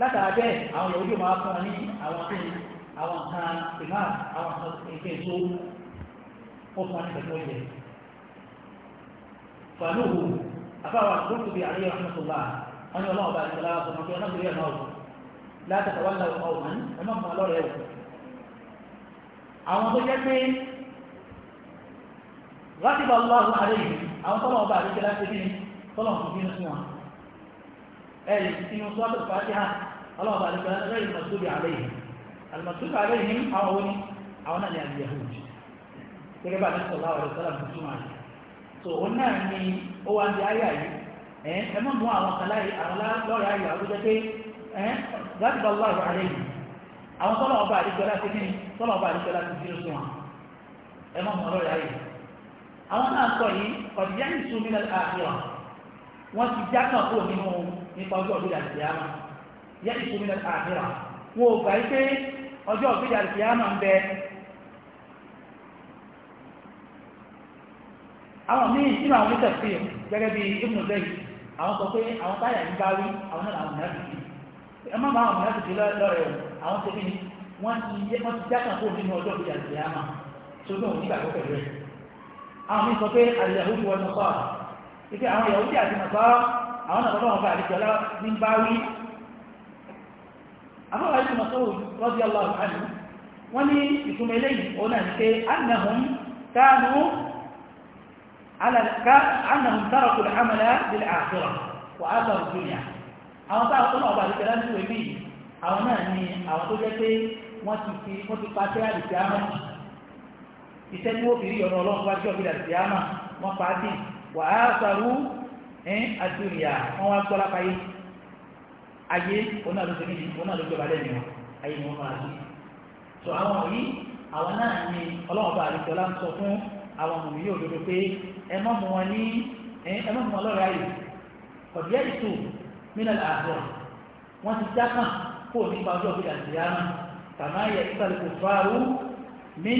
látara bẹ́ẹ̀ àwọn yòówù yóò máa fún wọn ní àwọn tó ní àwọn kan ìmá àwọn kan èké tó ó fún wọn ní pẹ̀lú ọ̀yẹ̀. fàlùhù àfáwọn àkókò bíi àríyá ọ̀hánṣọ́lá wọn ni ọlọ́ọ̀bá ìṣẹ̀lá ọ̀sán ọ̀sán ọ̀sán ọ̀sán ọ̀sán látàkà wà láwọn ọmọ ọmọ ẹmọ ọmọ ọlọrẹ o àwọn tó jẹ pé láti bá ọlọ́wọ́ àárẹ̀ yìí àwọn tọ́lọ̀ ọba àdéjẹ́ láti bí أي في مصاب الفاتحة الله بعد كلام غير المكتوب عليهم المكتوب عليهم عون عون لليهود gẹ́gẹ́ bá nípa الله ọ̀rẹ́ sọ́lá fún túmọ̀ rẹ̀ so òun náà ni ó wá di ayé àyè ẹ ẹ mọ̀ mú àwọn kan láyé àwọn lọ́rẹ̀ ayé àwọn jẹ́ pé ẹ láti bá wà wà lẹ́yìn àwọn sọ́lá ọba àdìgbọ́ láti kí ni sọ́lá ọba àdìgbọ́ láti dúró sí wọn ẹ mọ̀ mọ̀ lọ́rẹ̀ ayé àwọn náà sọ yìí ọ̀dìyẹ́ ìsúnmí láti àfihàn wọ́n ti já náà kúrò nínú nípa ọjọ́ dị ìkìyàmà yẹ ìkúmínà àkírà wọn ò gbà yí pé ọjọ́ ọ̀gbẹ́dà ìkìyàmà ń bẹ àwọn míì nínú àwọn onítẹ̀sí gẹ́gẹ́ bí ibùdó lẹ́yìn àwọn sọ pé àwọn táyà ń bá àwọn náà àwọn mìíràn tìkì àwọn mìíràn tìkì lọ́rẹ̀ àwọn tó wọ́n ti ọjọ́ àwọn náà lọ́wọ́ bá àdìsí ọlá ní bá wí àbúrò àdìsí mọ̀sọ́rọ̀ rọ́dí ọlọ́run àdì wọ́n ní ìtumọ̀ eléyìí òun náà ní pé annahum kánú annahum taraku al-amala bil akhirah wa athar dunya àwọn táwọn tó náà bá àdìsí ọlá níwèé bí àwọn náà ní àwọn tó jẹ́ pé wọ́n ti fi tí wọ́n fi rí ọ̀nà ọlọ́run wájú ọ̀gbìn àdìsí àmọ́ wọ́n pàṣẹ wà á sàrú ẹ́n àdúrà wọ́n wá gbọ́ lápáyé ayé òun náà ló ṣe níbi òun náà ló jọba lẹ́nu ayé ni wọ́n máa rí so àwọn yìí àwọn náà ni ọlọ́run bá àlejò ọlá ń sọ fún àwọn ọmọ yìí òdodo pé ẹ má mú wọn ní ẹ má mú wọn lọ́rọ̀ ayé ọ̀dí ẹ̀ tó mílẹ̀ àbọ̀ wọ́n ti já kàn kó o nípa ọjọ́ ìgbéga sí yára kàmá yẹ ìsàlẹ̀ kò fáwọn mí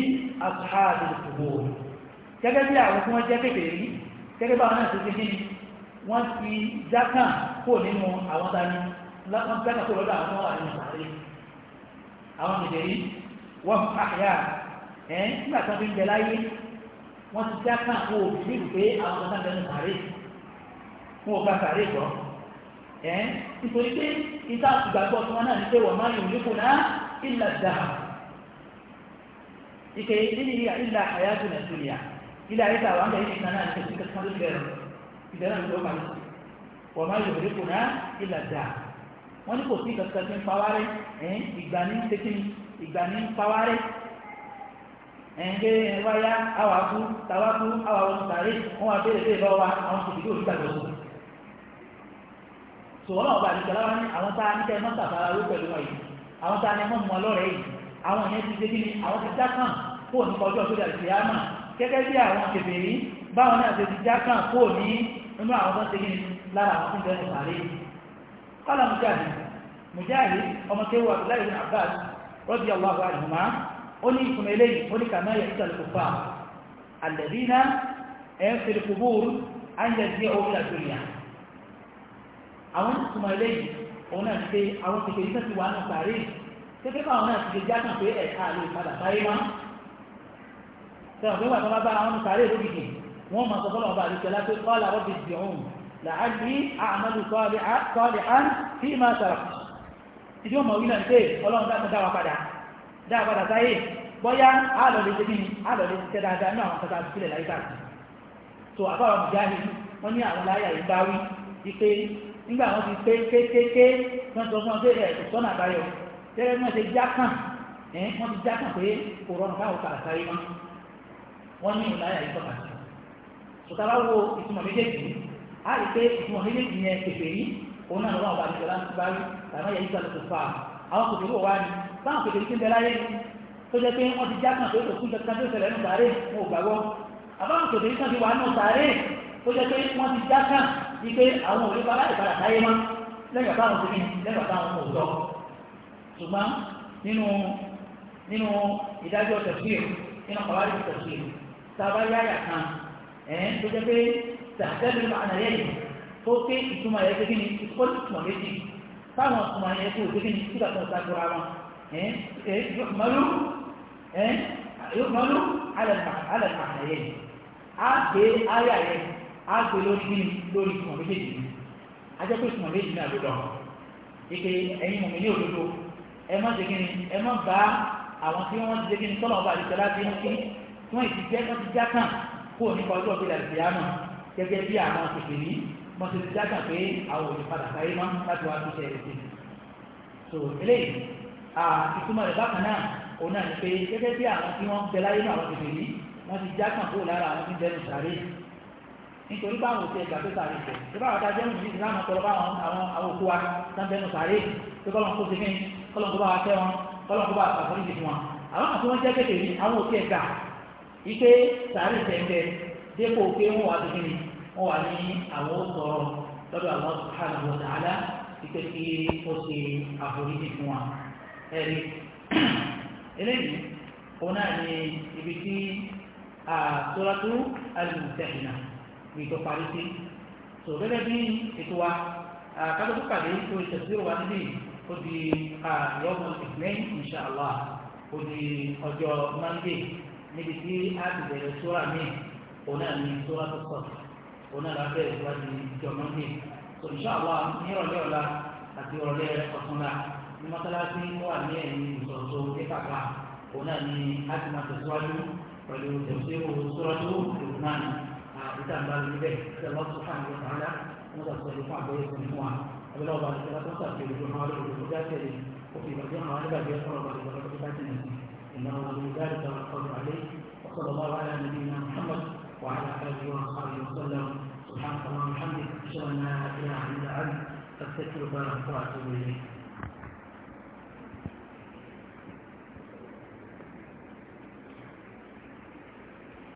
àtúhà àdúgbò gẹ́gẹ́ bí àwọn tí wọ́n jẹ́ kékeré gẹ́gẹ́ bá wọn náà ti ṣe wọ́n ti jákàn kó nínú àwọn dání wọ́n ti jákàn kó lọ́dọ̀ àwọn ọmọ àdínú sàárè àwọn kèdèrí wọ́n fún àyà ẹ̀ nígbà tí wọ́n fi ń bẹ láyé wọ́n ti jákàn kó òbí pé àwọn ọmọ àdínú sàárè wọn ò gba sàárè gbọ́ ẹ̀ nítorí pé ìta ìgbàgbọ́ tí wọ́n náà ní pé wọ́n máa yòó nípò náà ìlà dáhà ìkẹyẹ ìlà àyájú nàìjíríà ilé ayé tàwọn àgbà yìí ti ìdáná ló máa yọ wọ́n máa yọ̀ lẹ́kọ̀ọ́ náà ìlà dà wọ́n ní kò sí kankan tí ń pawárẹ́ ẹ̀ẹ́n ìgbà ní tẹ́kín ìgbà ní pawárẹ́ ẹ̀ẹ́n gbé wáyá àwà kú tàwa kú àwà wọn sàárè wọn wá béèrè béèrè lọ́wọ́ àwọn kò fìdí òṣìṣẹ́ àgbẹ̀wò sọ̀rọ̀ ọ̀bà àdìgbàlá wa ní àwọn tá a ní kẹ́ mọ́ sàbàrà ló pẹ̀lú wa yìí àwọn tá a ní mọ́ mọ́ lọ́rẹ̀ẹ́ yìí àwọn yẹn ti dégí ni àwọn ti dá kàn kó ní kọjọ́ tó dà sí àmà gẹ́gẹ́ bí àwọn kèfèrí báwọn náà ti dá kàn kó ní nínú àwọn tó ń segin lára àwọn tó ń bẹ̀rẹ̀ sàárè kọ́lá mujahid mujahid ọmọ kéwù abdullahi ibn abbas rọ́bì allahu alihuma ó ní ìkùnmọ̀ eléyìí ó ní kàmá yẹ ìtàlù kò fà alẹ́dínà ẹ̀ ń fèrè kúbúrú àyẹ̀ sí owó ìlàjòyà àwọn ìkùnmọ̀ eléyìí òun náà ti pé àwọn kékeré náà ti wà ní sàárè kékeré báwọn náà ti lè já kàn pé ẹ̀ka àlè ìpadà sáré wọn sẹ́wọ̀n pé wà tó bá bá àwọn sàárè lókìkì wọ́n máa sọ fọ́lọ́ ọba àdìsẹ́ lápé kọ́lá rọ́bì dìhùn làálì àmàlù sọ́ọ̀lìhán tí máa sọ̀rọ̀ ìdí ọmọ orílẹ̀ ń pè ọlọ́run dákun dáwà padà dáwà padà sáyé bọ́yá àlọ́lẹ̀ ṣe bí àlọ́lẹ̀ ṣiṣẹ́ dáadáa ní àwọn kọta sílẹ̀ láyé káàkiri tó àbáwọn mùjáde wọ́n ní àwọn láyà yìí bá wí wípé nígbà wọn ti pé kéékèèké wọ́n sọ fún ọ pé àbáyọ tẹ́lẹ̀ wọ́n ti já kàn wọ́n ti já kàn pé kò rọrùn káwọn kàrà sáyé wọn ní ìlàyà yìí tọ́ka sọtara wo ìtumọ̀ méjèèjì á rí pé ìtumọ̀ méjèèjì yẹn kẹfẹ́ yìí òun náà lọ́wọ́ àbájọ ìjọba ti bá rí tàbí ẹ̀yẹ ìgbà tó fà àwọn kòtò ìwò wa ni báwọn kòtò ìdí bẹ láyé tó jẹ́ pé wọ́n ti já kan pé òkú jẹ kan tó ṣẹlẹ̀ nù sàárè wọn ò gbàgbọ́ àbáwọn kòtò ìdí kan ti wà nù sàárè tó jẹ́ pé wọ́n ti já kan ní pé àwọn òní bàbá ìbàdà táyé mọ́ lẹ́yìn àtàwọn tó ní lẹ́yìn àtàwọn tó ẹ̀ẹ́n eh, tó jẹ́ pé tàbí àná yẹ́ yìí tó pé ìtumọ̀ yẹ pé kí ni ìkọ́ ìtumọ̀ méjì táwọn ìtumọ̀ yẹ kó pé kí ni kí kàtọ́ ìtakùrọ̀ wọn ẹ̀ẹ́n yọkùnmọ́lú alàmàlà yẹ yìí á gbé ayà yẹ á gbé lórí kí ni lórí ìtumọ̀ méjì yìí á jẹ́ pé ìtumọ̀ méjì náà ló lọ ike ẹ̀yin mọ̀mí ní òdodo ẹ má ṣe kí ni ẹ má bá àwọn tí wọ́n ti ṣe kí ni tọ́lọ̀ kó nípa ọjọ́ ìgbéra ìgbé àmọ́ gẹ́gẹ́ bí àwọn kòkè ní mọ̀tò ti dákà pé àwọn òní padà sáyé mọ́ láti wá túnṣe ẹ̀rọ tèmi so eléyìí ìtumọ̀ rẹ̀ bákan náà òun náà ni pé gẹ́gẹ́ bí àwọn tí wọ́n bẹ láyé náà àwọn kòkè ní wọ́n ti já kàn kó lára àwọn tí ń bẹnu sàárè nítorí báwọn òsè ìgbà tó sàárè tẹ̀ tó báwọn ta jẹ́mu ní ìsìlámù tọrọ báwọn àwọn òkú wa tó ń bẹnu sàárè tó kọ́lọ́n kó ti fín kọ́lọ́n kó bá wa tẹ́ wọn kọ́lọ́n Ike sàárì tẹ̀tẹ̀ dépò pé wọ́n wà tuntun ni wọ́n wà ní àwọn sọ̀rọ̀ lọ́dọ̀ àwọn sùhánà wọn tààlà wípé kí ó ṣe àforíjì fún wa ẹ̀rí eléyìí òun náà ni ibi tí àtúrọ́tú alùpùpẹ̀hìnà ìjọ parí sí so gẹ́gẹ́ bí ètò wa kájọ́ tó pàdé tó ìṣẹ̀síro wa níbí ó di yọ́mọ ìgbẹ́yìn insha Allah ó di ọjọ́ Monday níbi tí a ti bẹ̀rẹ̀ sóra míì òun náà ní sóra tó sọ òun náà lábẹ́ ìwádìí ìjọba míì tó insha Allah ní ìrọ̀lẹ́ ọ̀la àti ìrọ̀lẹ́ ọ̀túnla ní mọ́sálásí wà ní ẹ̀yìn ìsọ̀tò nípàpà òun náà ní a ti máa tẹ̀síwájú pẹ̀lú tẹ̀síwò sóra tó lòun náà ìtàǹbà níbẹ̀ ìtàǹbà tó ní ọ̀tàlá wọ́n tàbí pẹ̀lú ìjọba tó ń tàbí ìjọba àwọn olùdókòwò jáde tó bá انه من ذلك عليه وصلى الله على نبينا محمد وعلى اله وصحبه وسلم سبحانك اللهم وبحمدك اشهد ان لا اله الا انت استغفرك واتوب اليك